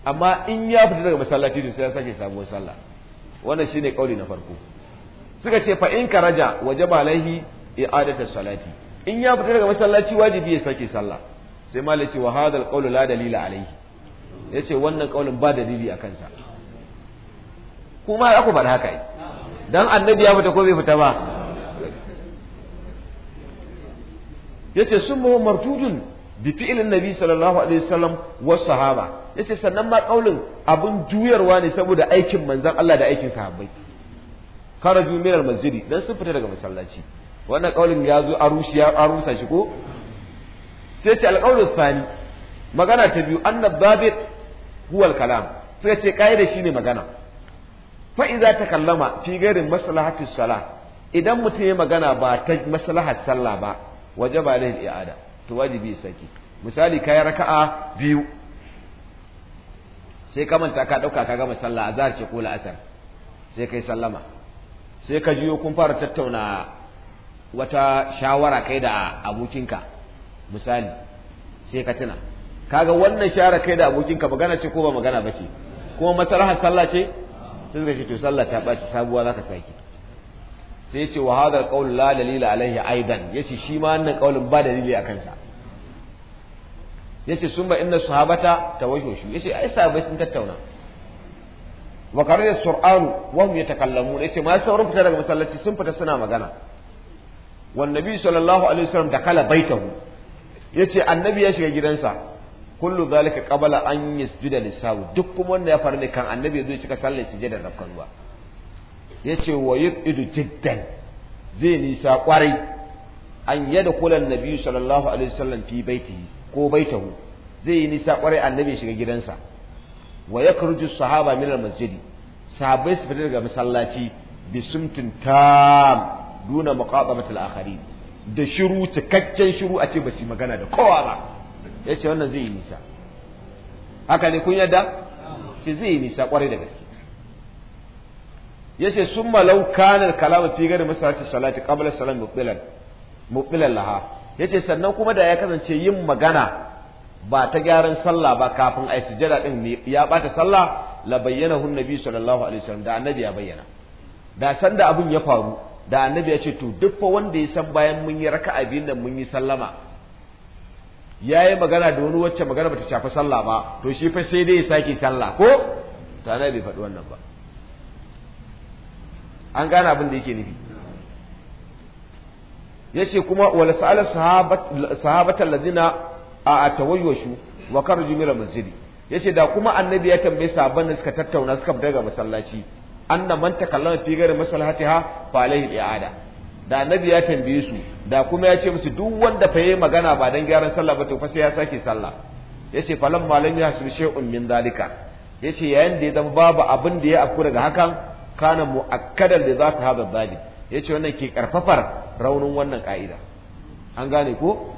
amma in ya fita daga masallaci to sai ya sake sabuwar sallah wannan shine kauli na farko suka ce fa waje ba wajaba ya i'adatu salati in ya fita daga masallaci wajibi ya sake sallah sai malai ce wa hadal qawlu la dalila alayhi yace wannan kaulin ba dalili a kansa kuma ya ku haka ai dan annabi ya fita ko bai fita ba yace summa martudun bi fi'lin nabi sallallahu alaihi wasallam was sahaba yace sannan ma kaulin abun juyarwa ne saboda aikin manzon Allah da aikin sahabbai kharaju min al dan sun fita daga masallaci wannan kaulin ya zo a rushiya a rusa shi ko sai ce alqaulul sani magana ta biyu anna babit huwa kalam suka ce kaida shine magana fa idza takallama fi ghairi maslahati idan mutum ya magana ba ta maslahar sallah ba wajaba alaihi i'ada to wajibi saki misali kai raka'a biyu sai ka manta ka ɗauka ka gama sallah a ce ko la'asar sai kai sallama sai ka jiyo kun fara tattauna wata shawara kai da abokinka misali sai ka tuna kaga wannan shawara kai da abokinka magana ce ko ba magana ba ce kuma masalahar sallah ce sai suka ce to sallah ta ɓaci sabuwa zaka sake sai ya ce wa hadha alqawl la dalila alaihi aidan yace shi ma wannan qaulin ba dalili a kansa yace ba inna sahabata tawajjushu yace ai sahabai sun tattauna wa qarra sur'an wa hum yatakallamuna yace ma sauran fita daga masallaci sun fita suna magana Wa nabi sallallahu alaihi wasallam da kala baitahu yace annabi ya shiga gidansa kullu zalika qabla an yasjuda lisawu duk kuma wanda ya faru ne kan annabi zai cika sallar sujada da ruwa yace wa yudidu jiddan zai nisa kwarai an yada kula nabi sallallahu alaihi wasallam fi baitihi ko baitahu zai yi nisa kwarai annabi ya shiga gidansa wa yakhruju sahaba min al-masjidi sahabbai su fita daga masallaci bisumtin tam duna muqatabatil akharin da shiru cikakken shiru a ce ba shi magana da kowa ba yace wannan zai yi nisa haka ne kun yadda ce zai yi nisa kwarai da gaske yace summa law kana kalamu fi gari masalati salati qabla salam mubilan mubilan laha yace sannan kuma da ya kasance yin magana ba ta gyaran sallah ba kafin ai sujada din ya bata sallah la bayyana hun nabi sallallahu alaihi wasallam da annabi ya bayyana da sanda abun ya faru da annabi ya ce to duk fa wanda ya san bayan mun yi raka'a biyun nan mun yi sallama yayi magana da wani wacce magana bata shafi sallah ba to shi fa sai dai ya sake sallah ko ta annabi bai faɗi wannan ba an gane abin da yake nufi yace kuma wal sa'ala sahabatan ladina a tawayyushu wa karju min Ya yace da kuma annabi ya tambaye sahabban da suka tattauna suka fita daga masallaci anna man takallama fi ghairi maslahatiha fa alaihi i'ada da annabi ya tambaye su da kuma ya ce musu duk wanda fa yayi magana ba dan gyaran sallah ba to fa sai ya sake sallah yace falam malam ya hasu shay'un min zalika yace yayin da ya zama babu abin da ya afku daga hakan kana muakkadan da zaka hada zalim yace wannan ke karfafar raunin wannan ka'ida an gane ko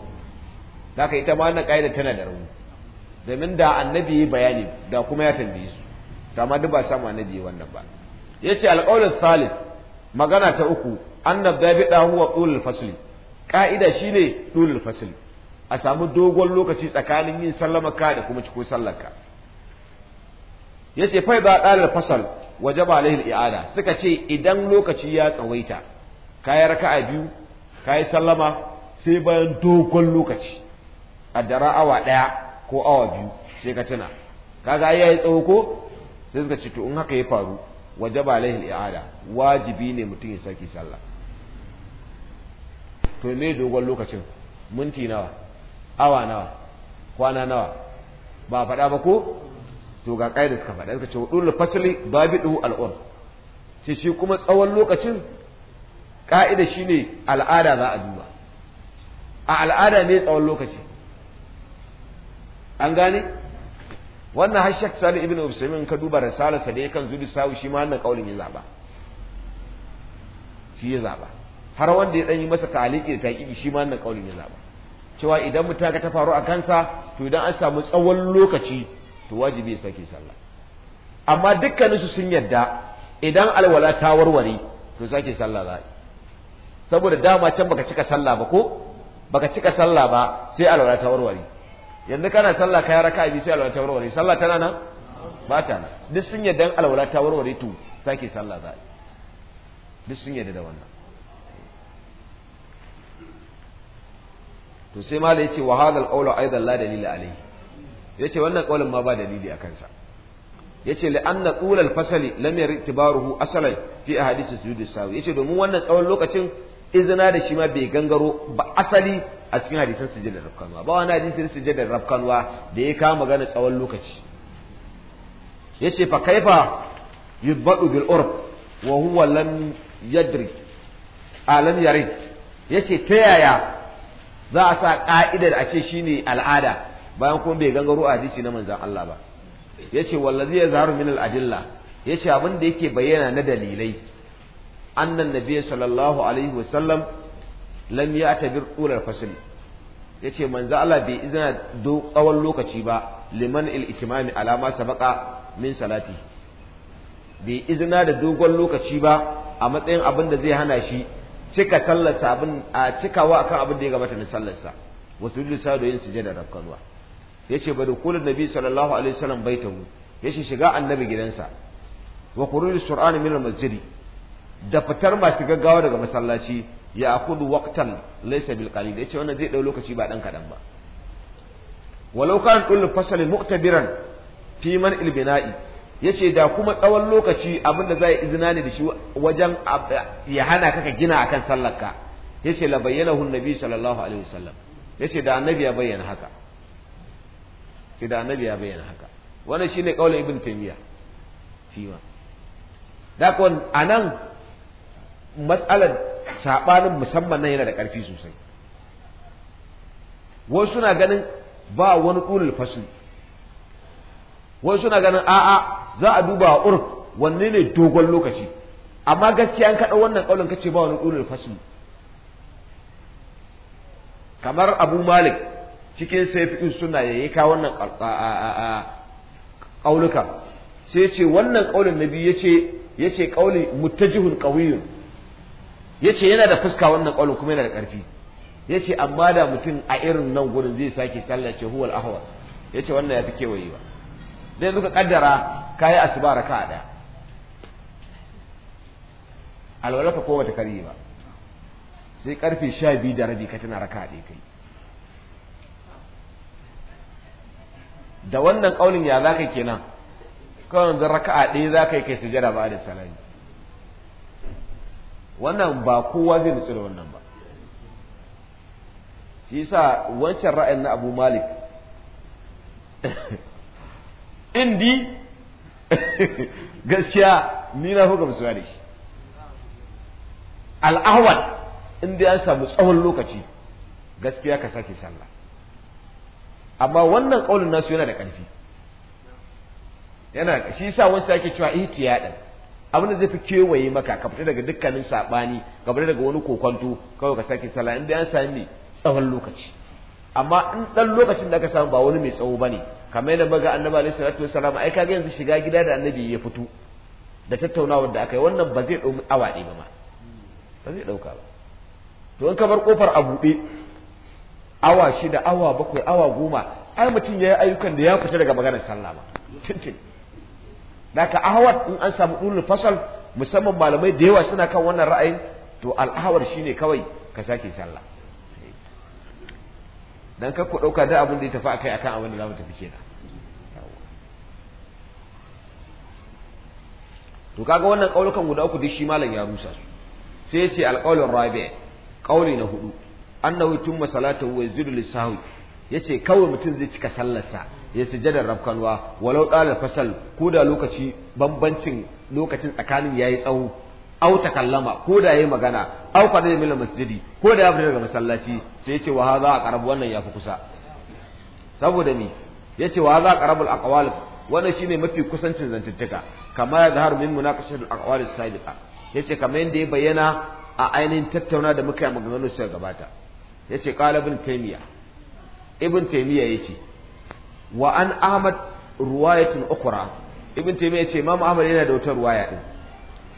zaka ita ma wannan ka'ida tana da rauni domin da annabi ya bayani da kuma ya tambaye su amma duk ba samu annabi wannan ba yace alqaulus salis magana ta uku annab dabida huwa qulul fasli ka'ida shine qulul fasli a samu dogon lokaci tsakanin yin ka da kuma ciko sallarka yace fa ba dalal fasal wajaba alaihi i'ada suka ce idan lokaci ya tsawaita raka a biyu kayi sallama sai bayan dogon lokaci a dara awa daya ko awa biyu sai ka tuna kaga ai yayi tsawo ko sai suka ce to in haka ya faru wajaba alaihi i'ada wajibi ne mutum ya saki sallah to me dogon lokacin minti nawa awa nawa kwana nawa ba faɗa ba ko to ga ƙa'idar suka faɗa suka ce dole fasali babidu al'ur sai shi kuma tsawon lokacin ƙa'ida shine al'ada za a duba a al'ada ne tsawon lokaci an gane wannan har shek sani ibn Usaimin ka duba risalarsa da yakan zubi sawu shi ma wannan kaulin ya zaba shi ya zaba har wanda ya dan yi masa ta'aliki da taqiqi shi ma wannan kaulin ya zaba cewa idan mutaka ta faru a kansa to idan an samu tsawon lokaci to wajibi ya sake sallah amma dukkaninsu sun yadda idan alwala ta warware to sake sallah za saboda dama can baka cika sallah ba ko baka cika sallah ba sai alwala ta warware yanzu kana sallah kai raka bi sai alwala ta warware sallah tana nan ba ta nan duk sun yadda alwala ta warware to sake sallah za duk sun yadda da wannan to sai mala yace wa hadal qawlu aidan la dalila alayhi yace wannan qawlin ma ba dalili akan sa yace li anna tula fasali lam yartibaruhu asalan fi ahadith sujud as-sawi yace domin wannan tsawon lokacin izina da shi ma bai gangaro ba asali a cikin hadisan sujjadar rafkanuwa ba wani hadisin sujjadar rafkanuwa da ya kama magana tsawon lokaci yace fa kaifa yudbadu bil urf wa huwa lam yadri alam Ya yace ta yaya za a sa ƙa'idar a ce shi ne al'ada bayan kuma bai gangaro a hadisi na manzon Allah ba yace wallazi yazharu min al adilla yace abin da yake bayyana na dalilai annan nabiy sallallahu alaihi wasallam lam ya'tabir ulal fasl yace manza Allah bai izina do lokaci ba liman il itimami alama sabaka min salati bai izina da dogon lokaci ba a matsayin abin da zai hana shi cika sallarsa a cikawa abin da ya gabata na sallarsa wasu lissa da yin sujada da kanwa yace ba dukulun nabi sallallahu alaihi wasallam shiga annabi gidansa wa qurul sur'an min da fitar masu gaggawa daga masallaci ya akudu waqtan laysa bil qalil yace wannan zai dau lokaci ba dan kadan ba walau kan kullu fasal muqtabiran fi man il bina'i yace da kuma tsawon lokaci abinda zai izina ne da shi wajen ya hana ka gina akan sallarka yace la bayyanahu nabi sallallahu alaihi wasallam yace da annabi ya bayyana haka ki da annabi ya bayyana haka wannan shine kaulin ibn taymiya fiwa ma da kon anan matsalan saɓanin musamman nan yana da ƙarfi sosai wasu suna ganin ba wani ƙulul fasli wasu suna ganin a'a za a duba a urf wanne ne dogon lokaci amma gaskiya an kaɗa wannan ƙaunin kace ba wani ƙulul fasli kamar abu malik cikin saifi'in suna yayi ka wannan ƙaunuka sai ce wannan ƙaunin na biyu ya ce ƙaunin mutajihun ƙawiyun yace yana da fuska wannan ƙwallon kuma yana da ƙarfi yace amma da mutum a irin nan gurin zai sake sallah ce huwal ahwa yace wannan ya fi kewaye ba dai suka kaddara yi asuba raka'a ɗaya alwalaka ko bata karye ba sai karfe sha biyu da rabi ka tana raka ɗaya kai da wannan ƙaunin ya za ka kenan kawai zan raka a ɗaya za ka yi kai sujada ba da salami wannan ba kowa zai nutsu da wannan ba shi yasa wancan ra'ayin na Abu Malik indi gaskiya ni na fuka musu da shi al'awal inda an samu tsawon lokaci gaskiya ka sake sallah amma wannan kaunin nasu yana da ƙarfi yana shi yasa wancan ake cewa ihtiyadan abin da zai fi kewaye maka ka fita daga dukkanin saɓani ka fita daga wani kokonto kawai ka sake in inda an sami tsawon lokaci amma in ɗan lokacin da ka samu ba wani mai tsawo ba ne kamar yadda maga annabi alaihi salatu wassalam ai kaga yanzu shiga gida da annabi ya fito da tattaunawar da aka yi wannan ba zai dauki awa ɗaya ba ma ba zai ɗauka ba to in ka bar kofar a buɗe awa shida awa bakwai awa goma ai mutum ya yi ayyukan da ya fita daga maganar sallah ba tuntun daka ahwat in an samu ulul fasal musamman malamai da yawa suna kan wannan ra'ayin to al'ahwar shine kawai ka sake sallah dan ka ku dauka da abin da ya tafi akai akan abin da zamu tafi kenan to kaga wannan kaulukan guda uku duk shi malam ya rusa su sai ya ce alqaulur rabi qauli na hudu annahu tumma salatu wa yazidu lisahu yace kawai mutum zai cika sallarsa ya sujadar rafkanwa walau dalal fasal ko da lokaci bambancin lokacin tsakanin yayi tsawo au kallama ko da yayi magana au kana da milan masjidi ko da ya fita daga masallaci sai ya ce wa haza aqrab wannan yafi kusa saboda ni ya ce wa haza aqrabul aqwal wannan shine mafi kusancin zantuttuka kama ya zahar min al aqwal as-sabiqa yace kamar yadda ya bayyana a ainihin tattauna da muka yi maganganun su gabata yace qala ibn taymiya ibn taymiya yace wa an ahmad ruwayatun ukra ibn taymiya ce imam ahmad yana da wata ruwaya din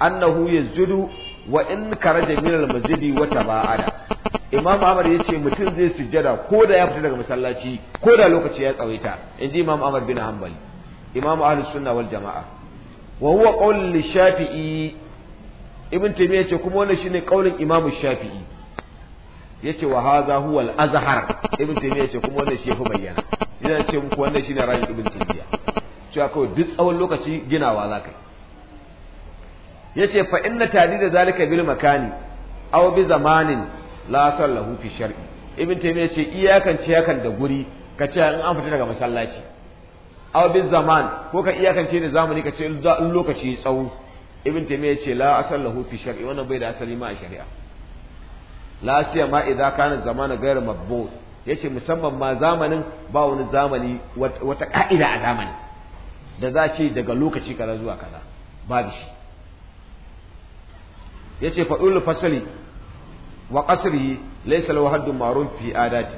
annahu yasjudu wa in karaja min al-masjidi wa taba'ada imam ahmad yace mutum zai sujjada ko da ya fita daga masallaci ko da lokaci ya tsawaita inji imam ahmad bin hanbali imam ahlus sunna wal jamaa wa huwa qawl li-shafi'i ibn taymiya yace kuma wannan shine qaulin imam shafi'i yace wa hadha huwa al-azhar ibn taymiya yace kuma wannan shi ya fi bayyana ina ce muku wannan shine rayu ibn tabiya cewa kawai duk tsawon lokaci ginawa za ka yi yace fa inna tadida zalika bil makani aw bi zamanin la sallahu fi shar'i ibn taymiya yace iyakan ce yakan da guri ka ce in an fita daga masallaci aw bi zaman ko ka iyakan ce ne zamani ka ce in lokaci tsawo ibn taymiya yace la sallahu fi shar'i wannan bai da asali ma a shari'a la siyama idza kana zamana ghayr mabbu' yace musamman ma zamanin ba wani zamani wata ka'ida a zamani da za ce daga lokaci kaza zuwa kaza babu shi yace faɗin fasali wa ƙasiri laisa lawa haddun marun fi adati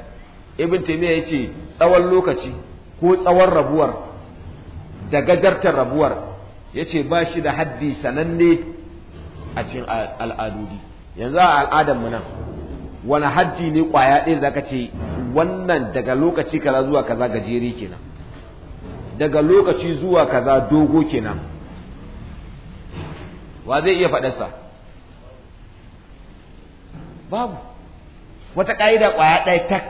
ibn ya yace tsawon lokaci ko tsawon rabuwar da gajartar rabuwar yace ba shi da haddi sananne a cikin al'adudi yanzu a al'adar mu nan wani haddi ne kwaya ɗaya za zaka ce wannan daga lokaci kaza zuwa kaza gajeri kenan daga lokaci zuwa kaza dogo kenan wa zai iya faɗarsa babu wata ƙa'ida ƙwaya ɗaya tak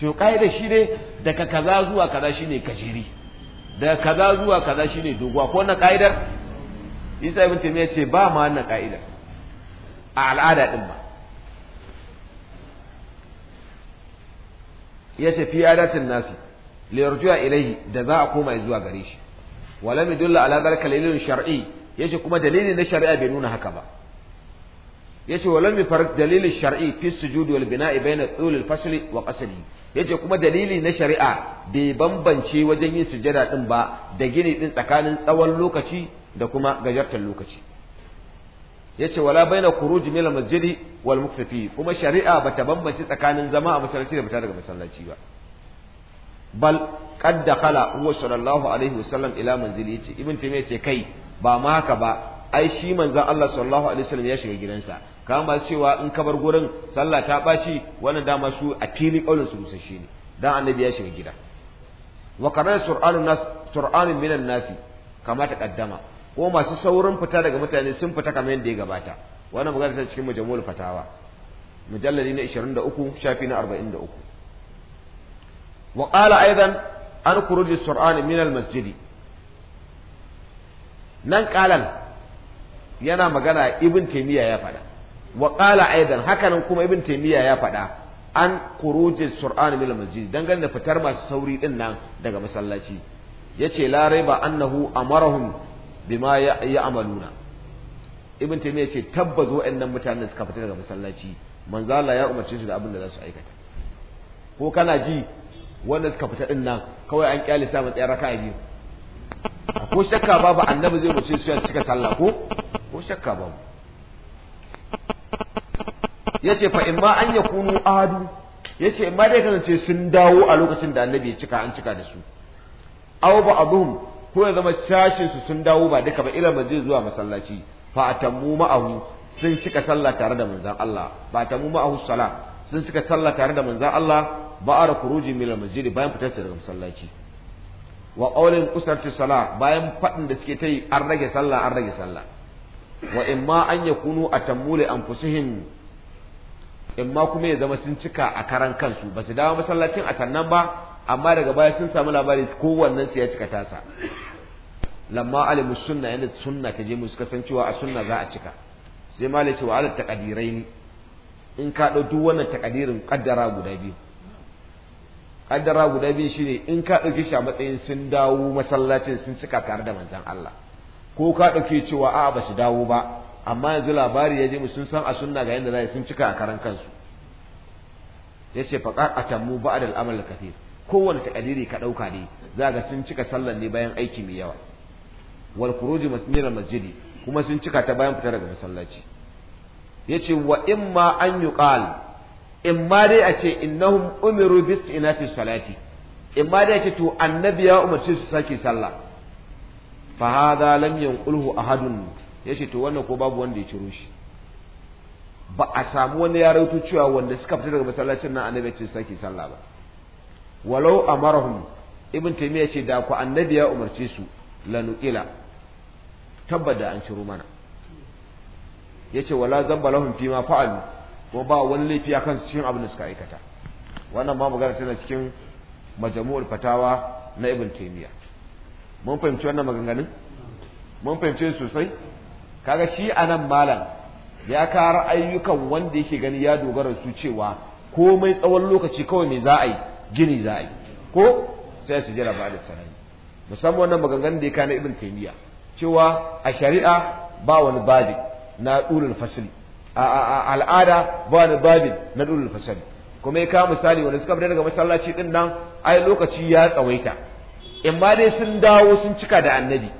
to ƙa'ida shi ne daga kaza zuwa kaza shine gajeri daga kaza zuwa kaza shine dogo ko wannan ƙa'idar isa ibn taymiya ce ba ma wannan ƙa'idar a al'ada din ba ya ce fi adatin nasi liyarjuwa ilaihi da za a koma zuwa gare shi walam yadulla ala zalika dalilun shar'i yace kuma dalili na shari'a bai nuna haka ba yace walam yafarq dalilin shar'i fi sujud wal bina'i baina tul al fasli wa qasdi yace kuma dalili na shari'a bai bambance wajen yin sujada din ba da gini din tsakanin tsawon lokaci da kuma gajartar lokaci yace wala baina khuruj min al masjid wal mukfifi kuma shari'a bata bambance tsakanin zama a masallaci da fita daga masallaci ba bal qad dakhala huwa sallallahu alaihi wasallam ila manzili yace ibn taymiya yace kai ba ma haka ba ai shi manzon Allah sallallahu alaihi wasallam ya shiga gidansa kama cewa in ka bar gurin sallah ta baci wannan dama su a fili kaulin su rusashe ne dan annabi ya shiga gida wa qara sur'anun nas sur'anun minan nasi kama ta kaddama ko masu saurin fita daga mutane sun fita kamar yadda ya gabata wannan magana ta cikin mujamul fatawa mujalladi na 23 shafi na 43 wa qala aidan an khuruj sur'a'ni suran min al-masjid nan qalan yana magana ibn taymiya ya faɗa wa qala aidan nan kuma ibn taymiya ya faɗa an khuruj sur'a'ni suran min al-masjid dangane da fitar masu sauri din nan daga masallaci yace la raiba annahu amarahum bima amaluna ibn ya ce tabbas waɗannan mutanen suka fita daga masallaci manzo Allah ya umarce su da abin da za su aikata ko kana ji wanda suka fita din nan kawai an kyale sa matsayin raka'a biyu ko shakka babu annabi zai umarce su cika sallah ko ko shakka babu yace fa in ma an yakunu adu yace in ma dai kasance sun dawo a lokacin da annabi ya cika an cika da su aw ba'dhum ko ya zama shashin su sun dawo ba duka ba ila ba zai zuwa masallaci fa atammu ma'ahu sun cika sallah tare da manzon Allah ba atammu ma'ahu sala sun cika sallah tare da manzon Allah ba ara khuruji min masjid bayan fitar su daga masallaci wa qawlin qusarti sala bayan fadin da suke ta yi an rage sallah an rage sallah wa imma an yakunu atammu li anfusihim imma kuma ya zama sun cika a karan kansu ba su dawo masallacin a sannan ba amma daga baya sun samu labari kowannen su ya cika tasa lamma alimu sunna yadda sunna ta je musu kasancewa a sunna za a cika sai ma ce wa ala ne in ka ɗauki wannan takadirin kaddara guda biyu kaddara guda biyu shine in ka ɗauki shi a matsayin sun dawo masallacin sun cika tare da manzon Allah ko ka ɗauki cewa a'a ba su dawo ba amma yanzu labari ya je mu sun san a sunna ga yadda za sun cika a karan kansu yace faqat atammu ba'da al-amal kathir kowane takadiri ka ɗauka ne za ga sun cika sallar ne bayan aiki mai yawa wal khuruji masmira masjidi kuma sun cika ta bayan fita daga masallaci yace wa imma an yuqal imma dai a ce innahum umiru bis inati salati imma dai a ce to annabi ya umarci su saki sallah fa hadha lam yanqulhu ahadun yace to wannan ko babu wanda ya ciro shi ba a samu wani ya rawaito cewa wanda suka fita daga masallacin nan annabi ya ce saki sallah ba walau amarahum ibn taymiya ce da ku annabi ya umarce su lanuqila tabbada an ciro mana yace wala zan lahum fi ma fa'alu ko ba wani laifi akan cikin abin da suka aikata wannan ma magana tana cikin majmu'ul fatawa na ibn taymiya mun fahimci wannan maganganun mun fahimce sosai kaga shi a nan malam ya kara ayyukan wanda yake gani ya dogara su cewa komai tsawon lokaci kawai me za a yi gini za a yi ko sai su jira ba da sanayi musamman wannan maganganun da ya kana ibn taymiya cewa a shari'a ba wani babin na dulul fasli a al'ada ba wani babin na dulul fasli kuma ya kawo misali wanda suka fita daga masallaci din nan ai lokaci ya tsawaita in ma dai sun dawo sun cika da annabi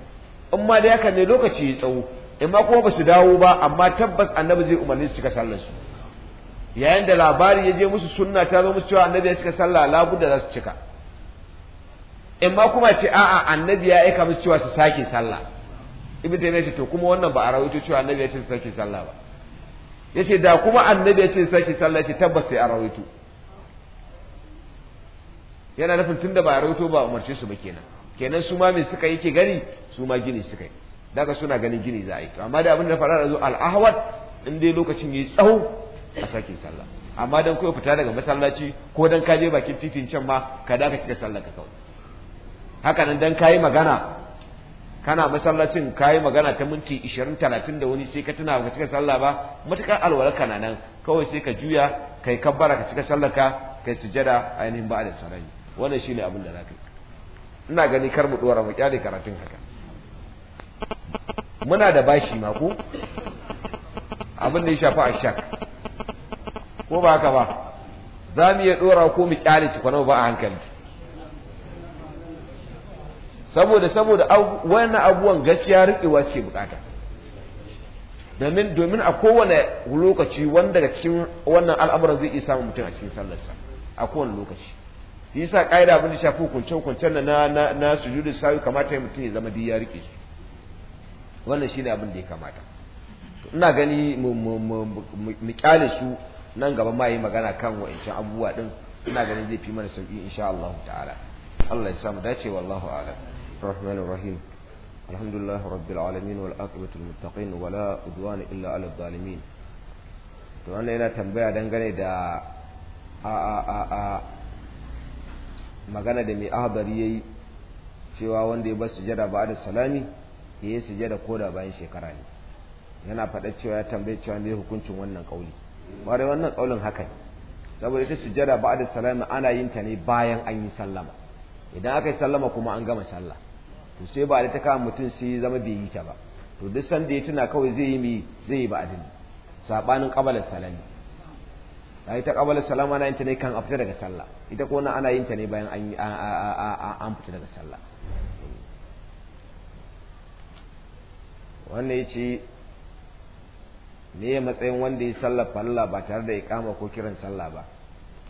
in ma dai haka ne lokaci ya tsawo in ma kuma ba su dawo ba amma tabbas annabi zai umarni su cika sallar su yayin da labari ya je musu sunna ta zo musu cewa annabi ya cika sallah labudda za su cika in ma kuma ce a'a annabi ya aika musu cewa su sake sallah ibn taymiya ce to kuma wannan ba a rawaito cewa annabi ya ce su sake sallah ba yace da kuma annabi ya ce su sake sallah ya ce tabbas sai a rawaito yana nufin tunda ba a rawaito ba umarce su ba kenan kenan su ma me suka yake gani su ma gini suka yi daga suna ganin gini za a yi amma da abin da fara da zo al-ahwad in dai lokacin yayi tsawo a sake sallah amma dan koya fita daga masallaci ko dan ka je bakin titin can ma ka ka cika sallar ka kawai haka nan dan kayi magana kana masallacin kayi magana ta minti 20 30 da wani sai ka tuna ka cika sallah ba matukar alwala na nan kawai sai ka juya kai kabbara ka cika sallar ka kai sujada ainihin ba da sarai wannan shine abin da zaka ina gani kar mu dora mu kyale karatun haka muna da bashi ma ko abin da ya shafi shak ko ba haka ba za mu iya dora ko mu kyale tukwana ba a hankali saboda saboda wannan abubuwan gaskiya riƙewa suke bukata domin domin a kowane lokaci wanda daga cikin wannan al'amuran zai iya samun mutum a cikin sallarsa a kowane lokaci shi yasa ƙa'ida abin da shafi kunce hukuncen na na na sujudu sa'i kamata mutum ya zama duk ya rike su wannan shine abin da ya kamata ina gani mu kyale su nan gaba ma yi magana kan wa'ancan abubuwa din ina ganin zai fi mana sauki insha Allah ta'ala Allah ya samu dace wallahu a'lam rahman rahim alhamdulillah rabbil alamin wal aqibatu lil muttaqin wala udwana illa ala zalimin to wannan yana tambaya dangane da a a a a magana da mai ahbari yayi cewa wanda ya bar sujada ba da salami yayi sujada koda bayan shekara ne yana faɗa cewa ya tambaye cewa ne hukuncin wannan kauli bare wannan kaulin haka ne saboda ita sujjada ba'da salama ana yin ta ne bayan an yi sallama idan aka yi sallama kuma an gama sallah to sai ba da ta kama mutum sai ya zama bai yi ta ba to duk sanda ya tuna kawai zai yi mi zai yi ba'adin sabanin qabalar salami ai ta qabalar salama ana yin ta ne kan a fita daga sallah ita ko ana yin ta ne bayan an an fita daga sallah wannan yace ne matsayin wanda ya sallar Allah ba tare da ikama ko kiran sallah ba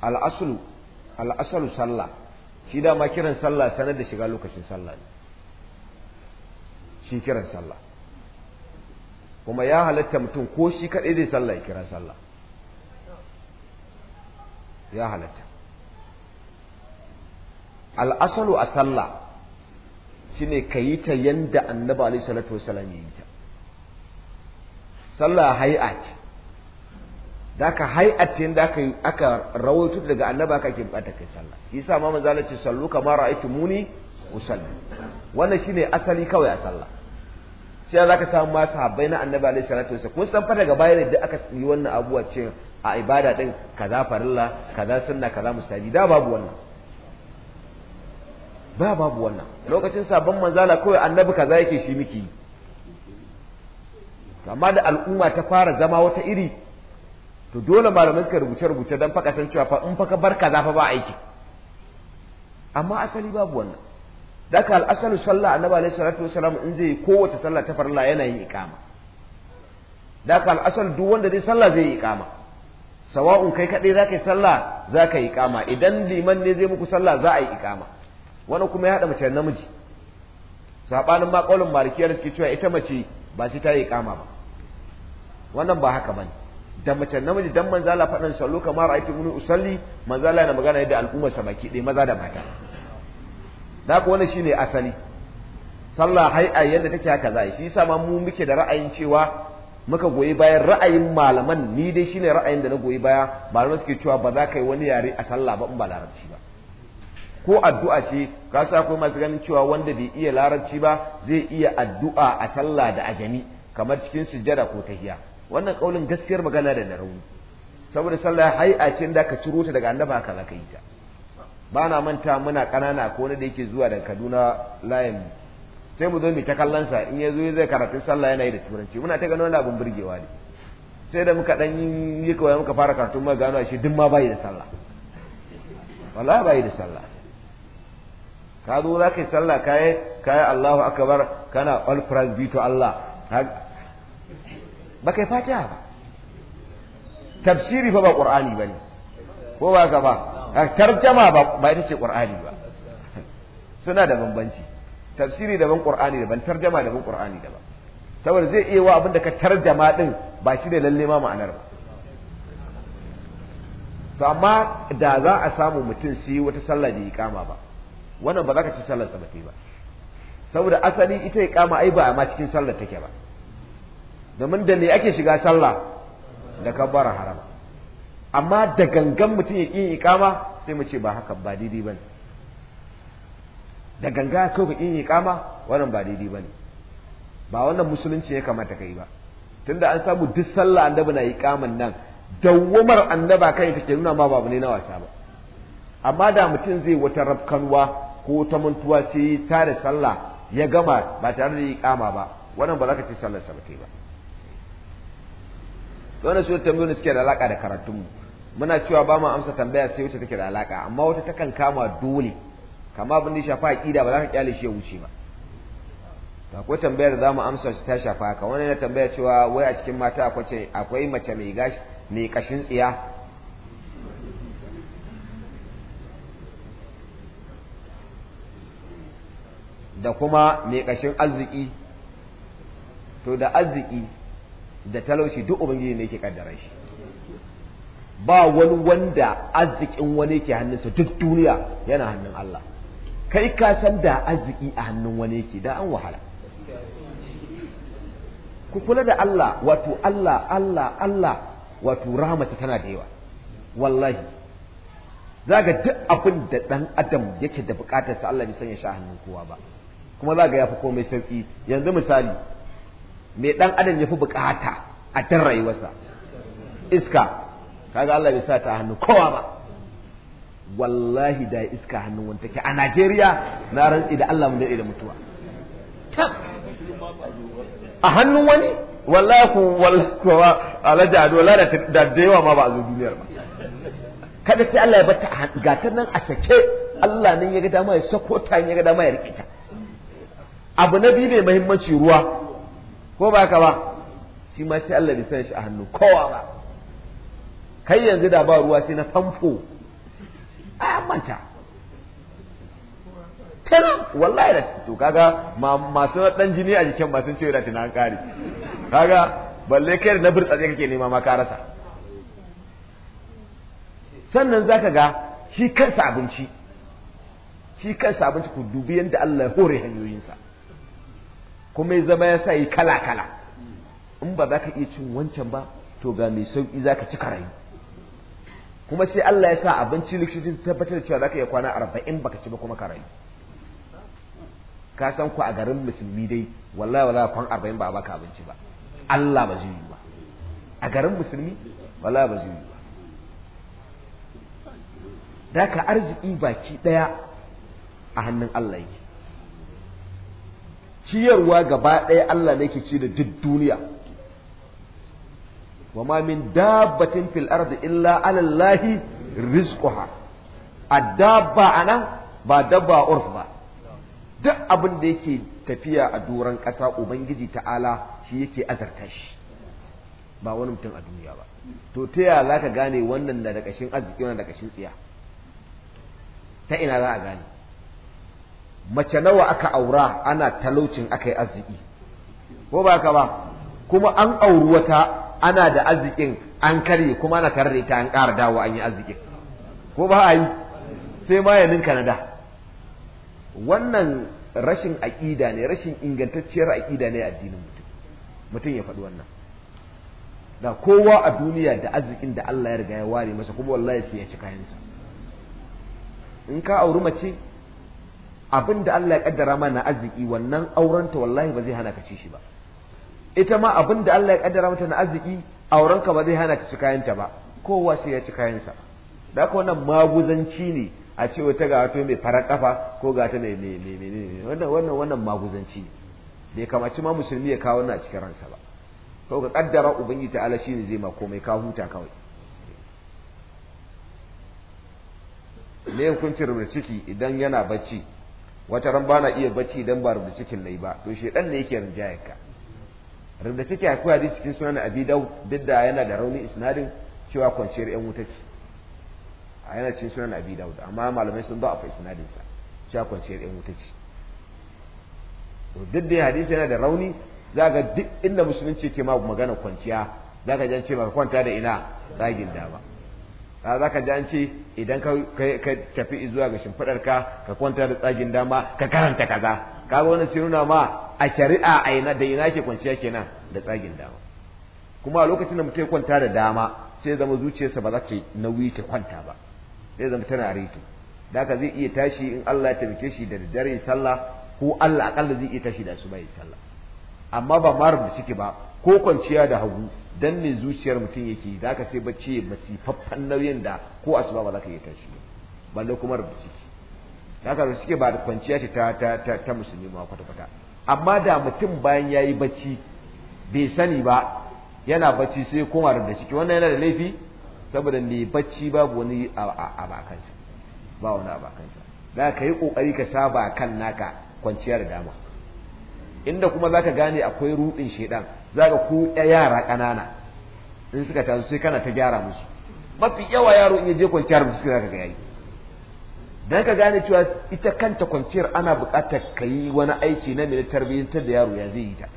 al'asulu al'asulu sallah shi dama kiran sallah sanar da shiga lokacin sallah ne shi kiran sallah kuma ya halatta mutum ko shi kaɗai zai sallah ya kira sallah ya halatta al'asalu a sallah shine ka yi ta yanda annabi alaihi salatu wasallam ya yi ta sallah hay'a ce da ka hay'a ce da aka aka rawaito daga annaba aka kin bata kai sallah shi yasa ma manzo Allah ce sallu kama ra'aytu muni usalli wannan shine asali kawai a sallah sai za ka samu ma sahabbai na annabi alaihi salatu wasallam kun san fa daga bayan da aka yi wannan abuwa ce a ibada din kaza farilla kaza sunna kaza mustaji da babu wannan ba babu wannan lokacin sabon manzala kawai annabi kaza yake shi miki amma da al'umma ta fara zama wata iri to dole malamai suka rubuce rubuce don faka san cewa in faka bar kaza fa ba aiki amma asali babu wannan daga al'asalu sallah annabi alaihi salatu wasalam in zai yi kowace sallah ta farla yana yin ikama daga al'asalu duk wanda zai sallah zai yi ikama, sawa'un kai kadai zaka yi sallah zaka yi ikama, idan liman ne zai muku sallah za a yi ikama, wani kuma ya hada mace namiji saɓanin ma marikiyar malikiyar suke cewa ita mace ba shi ta yi ikama ba wannan ba haka bane da mace namiji dan manzo Allah faɗan sallu kamar aiki mun usalli manzo Allah yana magana yadda al'ummar sa baki ɗaya maza da mata da ko wannan shine asali sallah hay'a yadda take haka zai shi yasa ma mu muke da ra'ayin cewa muka goyi bayan ra'ayin malaman ni dai shine ra'ayin da na goyi baya malaman suke cewa ba za ka yi wani yare a sallah ba in ba larabci ba ko addu'a ce ka sa akwai masu ganin cewa wanda bai iya larabci ba zai iya addu'a a sallah da ajami kamar cikin sujjada ko tahiya wannan kaulin gaskiyar magana da na rauni saboda sallah a ce da ka ciro ta daga annaba ka zaka yi ta ba na manta muna kanana ko wani da yake zuwa daga Kaduna layin sai mu zo mu ta kallon sa in ya zo zai karatu sallah yana yi da turanci muna ta gano wani abin burgewa ne sai da muka dan yi kawai muka fara karatu muka gano shi duk ma bai da sallah wallahi bai da sallah ka zo za ka yi sallah kayi kayi Allahu akbar kana all praise be to Allah ba kai fatiha ba tafsiri fa ba qur'ani bane ko ba ka ba tarjama ba ba ita ce qur'ani ba suna da bambanci tafsiri daban qur'ani daban tarjama daban qur'ani daban saboda zai iya wa abin da ka tarjama din ba shi da lalle ma ma'anar ba to amma da za a samu mutum su yi wata sallah da iqama ba wannan ba za ka ci sallar sabati ba ba saboda asali ita iqama ai ba ma cikin sallar take ba domin da me ake shiga sallah da kabbara haram amma da gangan mutum ya yin ikama sai mu ce ba haka ba daidai ba da ganga kai ka yin ikama wannan ba daidai ba ba wannan musulunci ya kamata kai yi ba tunda an samu duk sallah annabi na ikaman nan dawwamar annaba kai take nuna ma babu ne na wasa ba amma da mutum zai wata rafkanwa ko ta mantuwa sai ta da sallah ya gama ba tare da ikama ba wannan ba za ka ce sallar sa ba ba wani su tambayoyin suke da alaka da karatunmu muna cewa ba mu amsa tambaya sai wacce take da alaka amma wata takan kama dole kama abin da ya shafa aqida ba za ka kyale shi ya wuce ba akwai tambayar da za mu amsa shi ta shafa haka wani na tambaya cewa wai a cikin mata akwai mace mai gashi mai kashin tsiya da kuma mai kashin arziki to da arziki da talauci duk ubangiji ne yake kaddara shi ba wani wanda arzikin wani yake hannunsa duk duniya yana hannun Allah kai ka san da arziki a hannun wani yake da an wahala ku kula da Allah wato Allah Allah Allah wato rahmata tana da yawa wallahi zaga duk abin da ɗan adam yake da bukatarsa Allah bai sanya shi a hannun kowa ba kuma zaga yafi komai sauki yanzu misali me dan adam ya fi bukata a tun rayuwarsa iska kaga Allah bai sa ta hannu kowa ba wallahi da iska hannun wani ke a Najeriya na rantsi da Allah mu daɗe da mutuwa a hannun wani wallahi ku wallahi alaji ado la da da dewa ma ba a duniyar ba kada sai Allah ya bata gatar nan a sace. Allah nan ya ga dama ya sako ta ya ga dama ya rikita abu na biyu mai muhimmanci ruwa ko ba ka ba shi ma shi Allah bai san shi a hannu kowa ba kai yanzu da ba ruwa sai na famfo a manta tana wallahi da to kaga masu dan jini a jikin ba sun ce da tana kare kaga balle kai na sai kake nema ma ka rasa sannan zaka ga shi kansa abinci shi kansa abinci ku dubi yadda Allah ya hore hanyoyinsa kuma ya zama ya sa yi kala kala in ba za ka iya cin wancan ba to ga mai sauki za ka ci karayi kuma sai Allah ya sa abinci likitoci tabbatar da cewa za ka iya kwana arba'in baka ci ba kuma karayi ka san ku a garin musulmi dai wallahi wallahi kwan arba'in ba a baka abinci ba Allah ba zai yi ba a garin musulmi wallahi ba zai yi ba da ka arziki baki daya a hannun Allah yake ciyarwa gaba ɗaya Allah ne ke ci da duk duniya wa ma min dabbatin fil ardi illa ala Allahi rizquha adabba ana ba dabba urf ba duk abin da yake tafiya a doron ƙasa ubangiji ta'ala shi yake azarta shi ba wani mutum a duniya ba to ta ya za ka gane wannan na da ƙashin arziki wannan da ƙashin tsiya ta ina za a gane mace nawa aka aura ana talaucin aka yi arziki ko ba ka ba kuma an auri wata ana da arzikin an karye kuma ana tare ta ita an ƙara dawo an yi arzikin ko ba a yi sai ma ya ninka na da wannan rashin aƙida ne rashin ingantacciyar aƙida ne a addinin mutum mutum ya faɗi wannan da kowa a duniya da arzikin da Allah ya riga ya ware masa kuma wallahi sai ya ci kayansa in ka auri mace abin da Allah ya kaddara mana arziki wannan aurenta wallahi ba zai hana ka ci shi ba ita ma abin da Allah ya kaddara mata na arziki aurenka ba zai hana ka ci kayanta ba kowa sai ya ci kayansa da haka wannan maguzanci ne a ce wata ga wato mai farar kafa ko ga ta mai wannan wannan wannan maguzanci ne bai kamaci ma musulmi ya kawo na a cikin ransa ba to ka kaddara ubangiji ta'ala shine zai ma komai ka huta kawai me hukuncin rubda ciki idan yana bacci wata ran bana iya bacci dan ba rubda cikin nayi ba to shedan ne yake rinjayen ka rubda cikin akwai hadisi cikin sunan abi daud duk da yana da rauni isnadin cewa kwanciyar yan wuta ce a yana cikin sunan abi daud amma malamai sun ba a isnadin sa cewa kwanciyar yan wuta ce to duk da hadisi yana da rauni zaka duk inda musulunci ke ma magana kwanciya zaka jan ce ba kwanta da ina ragin ba. za ka ji idan ka tafi zuwa ga shimfiɗar ka ka kwanta da tsagin dama ka karanta kaza ka wani sai nuna ma a shari'a a ina da ina ke kwanciya kenan da tsagin dama kuma a lokacin da mutum ya kwanta da dama sai zama zuciyarsa ba za ta nauyi ta kwanta ba sai zama tana rito da haka zai iya tashi in Allah ya taimake shi da daddare sallah ko Allah akalla zai iya tashi da su sallah amma ba marub da ba ko kwanciya da hagu dan me zuciyar mutum yake da aka sai bacci masifaffan nauyin da ko asuba ba za ka yi tashi balle kuma rubuci ciki da aka suke ba da kwanciya ce ta ta ta musulmi ma kwata kwata amma da mutum bayan yayi bacci bai sani ba yana bacci sai kuma koma rubuci ciki wannan yana da laifi saboda ne bacci babu wani a bakansa ba wani a bakansa ka yi kokari ka saba kan naka kwanciyar dama inda kuma za ka gane akwai rudin shaidan. za ka ku yara ƙanana in suka taso sai kana ta gyara musu mafi yawa yaro in ya je kwanciyar musu za zaka yayi ka gane cewa ita kanta kwanciyar ana buƙatar ka yi wani aiki na mai tarbiyyantar da yaro ya zai yi ta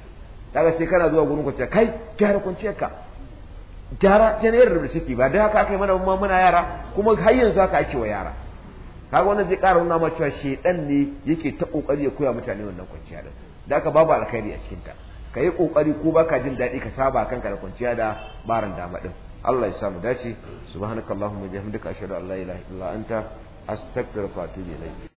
daga sai kana zuwa gurin kwanciyar kai gyara kwanciyar ka gyara janayar da suke ba da haka aka yi mana muna yara kuma har yanzu haka ake wa yara kaga wannan zai ƙara nuna ma cewa shedan ne yake ta kokari ya koya mutane wannan kwanciyar da haka babu alkhairi a cikin ta ka yi ƙoƙari ko baka jin daɗi ka saba kanka da kwanciya da barin dama ɗin. Allah ya sa mu dace subhanakallahumma wa bihamdika ashhadu an la ilaha illa anta astaghfiruka wa atubu ilayk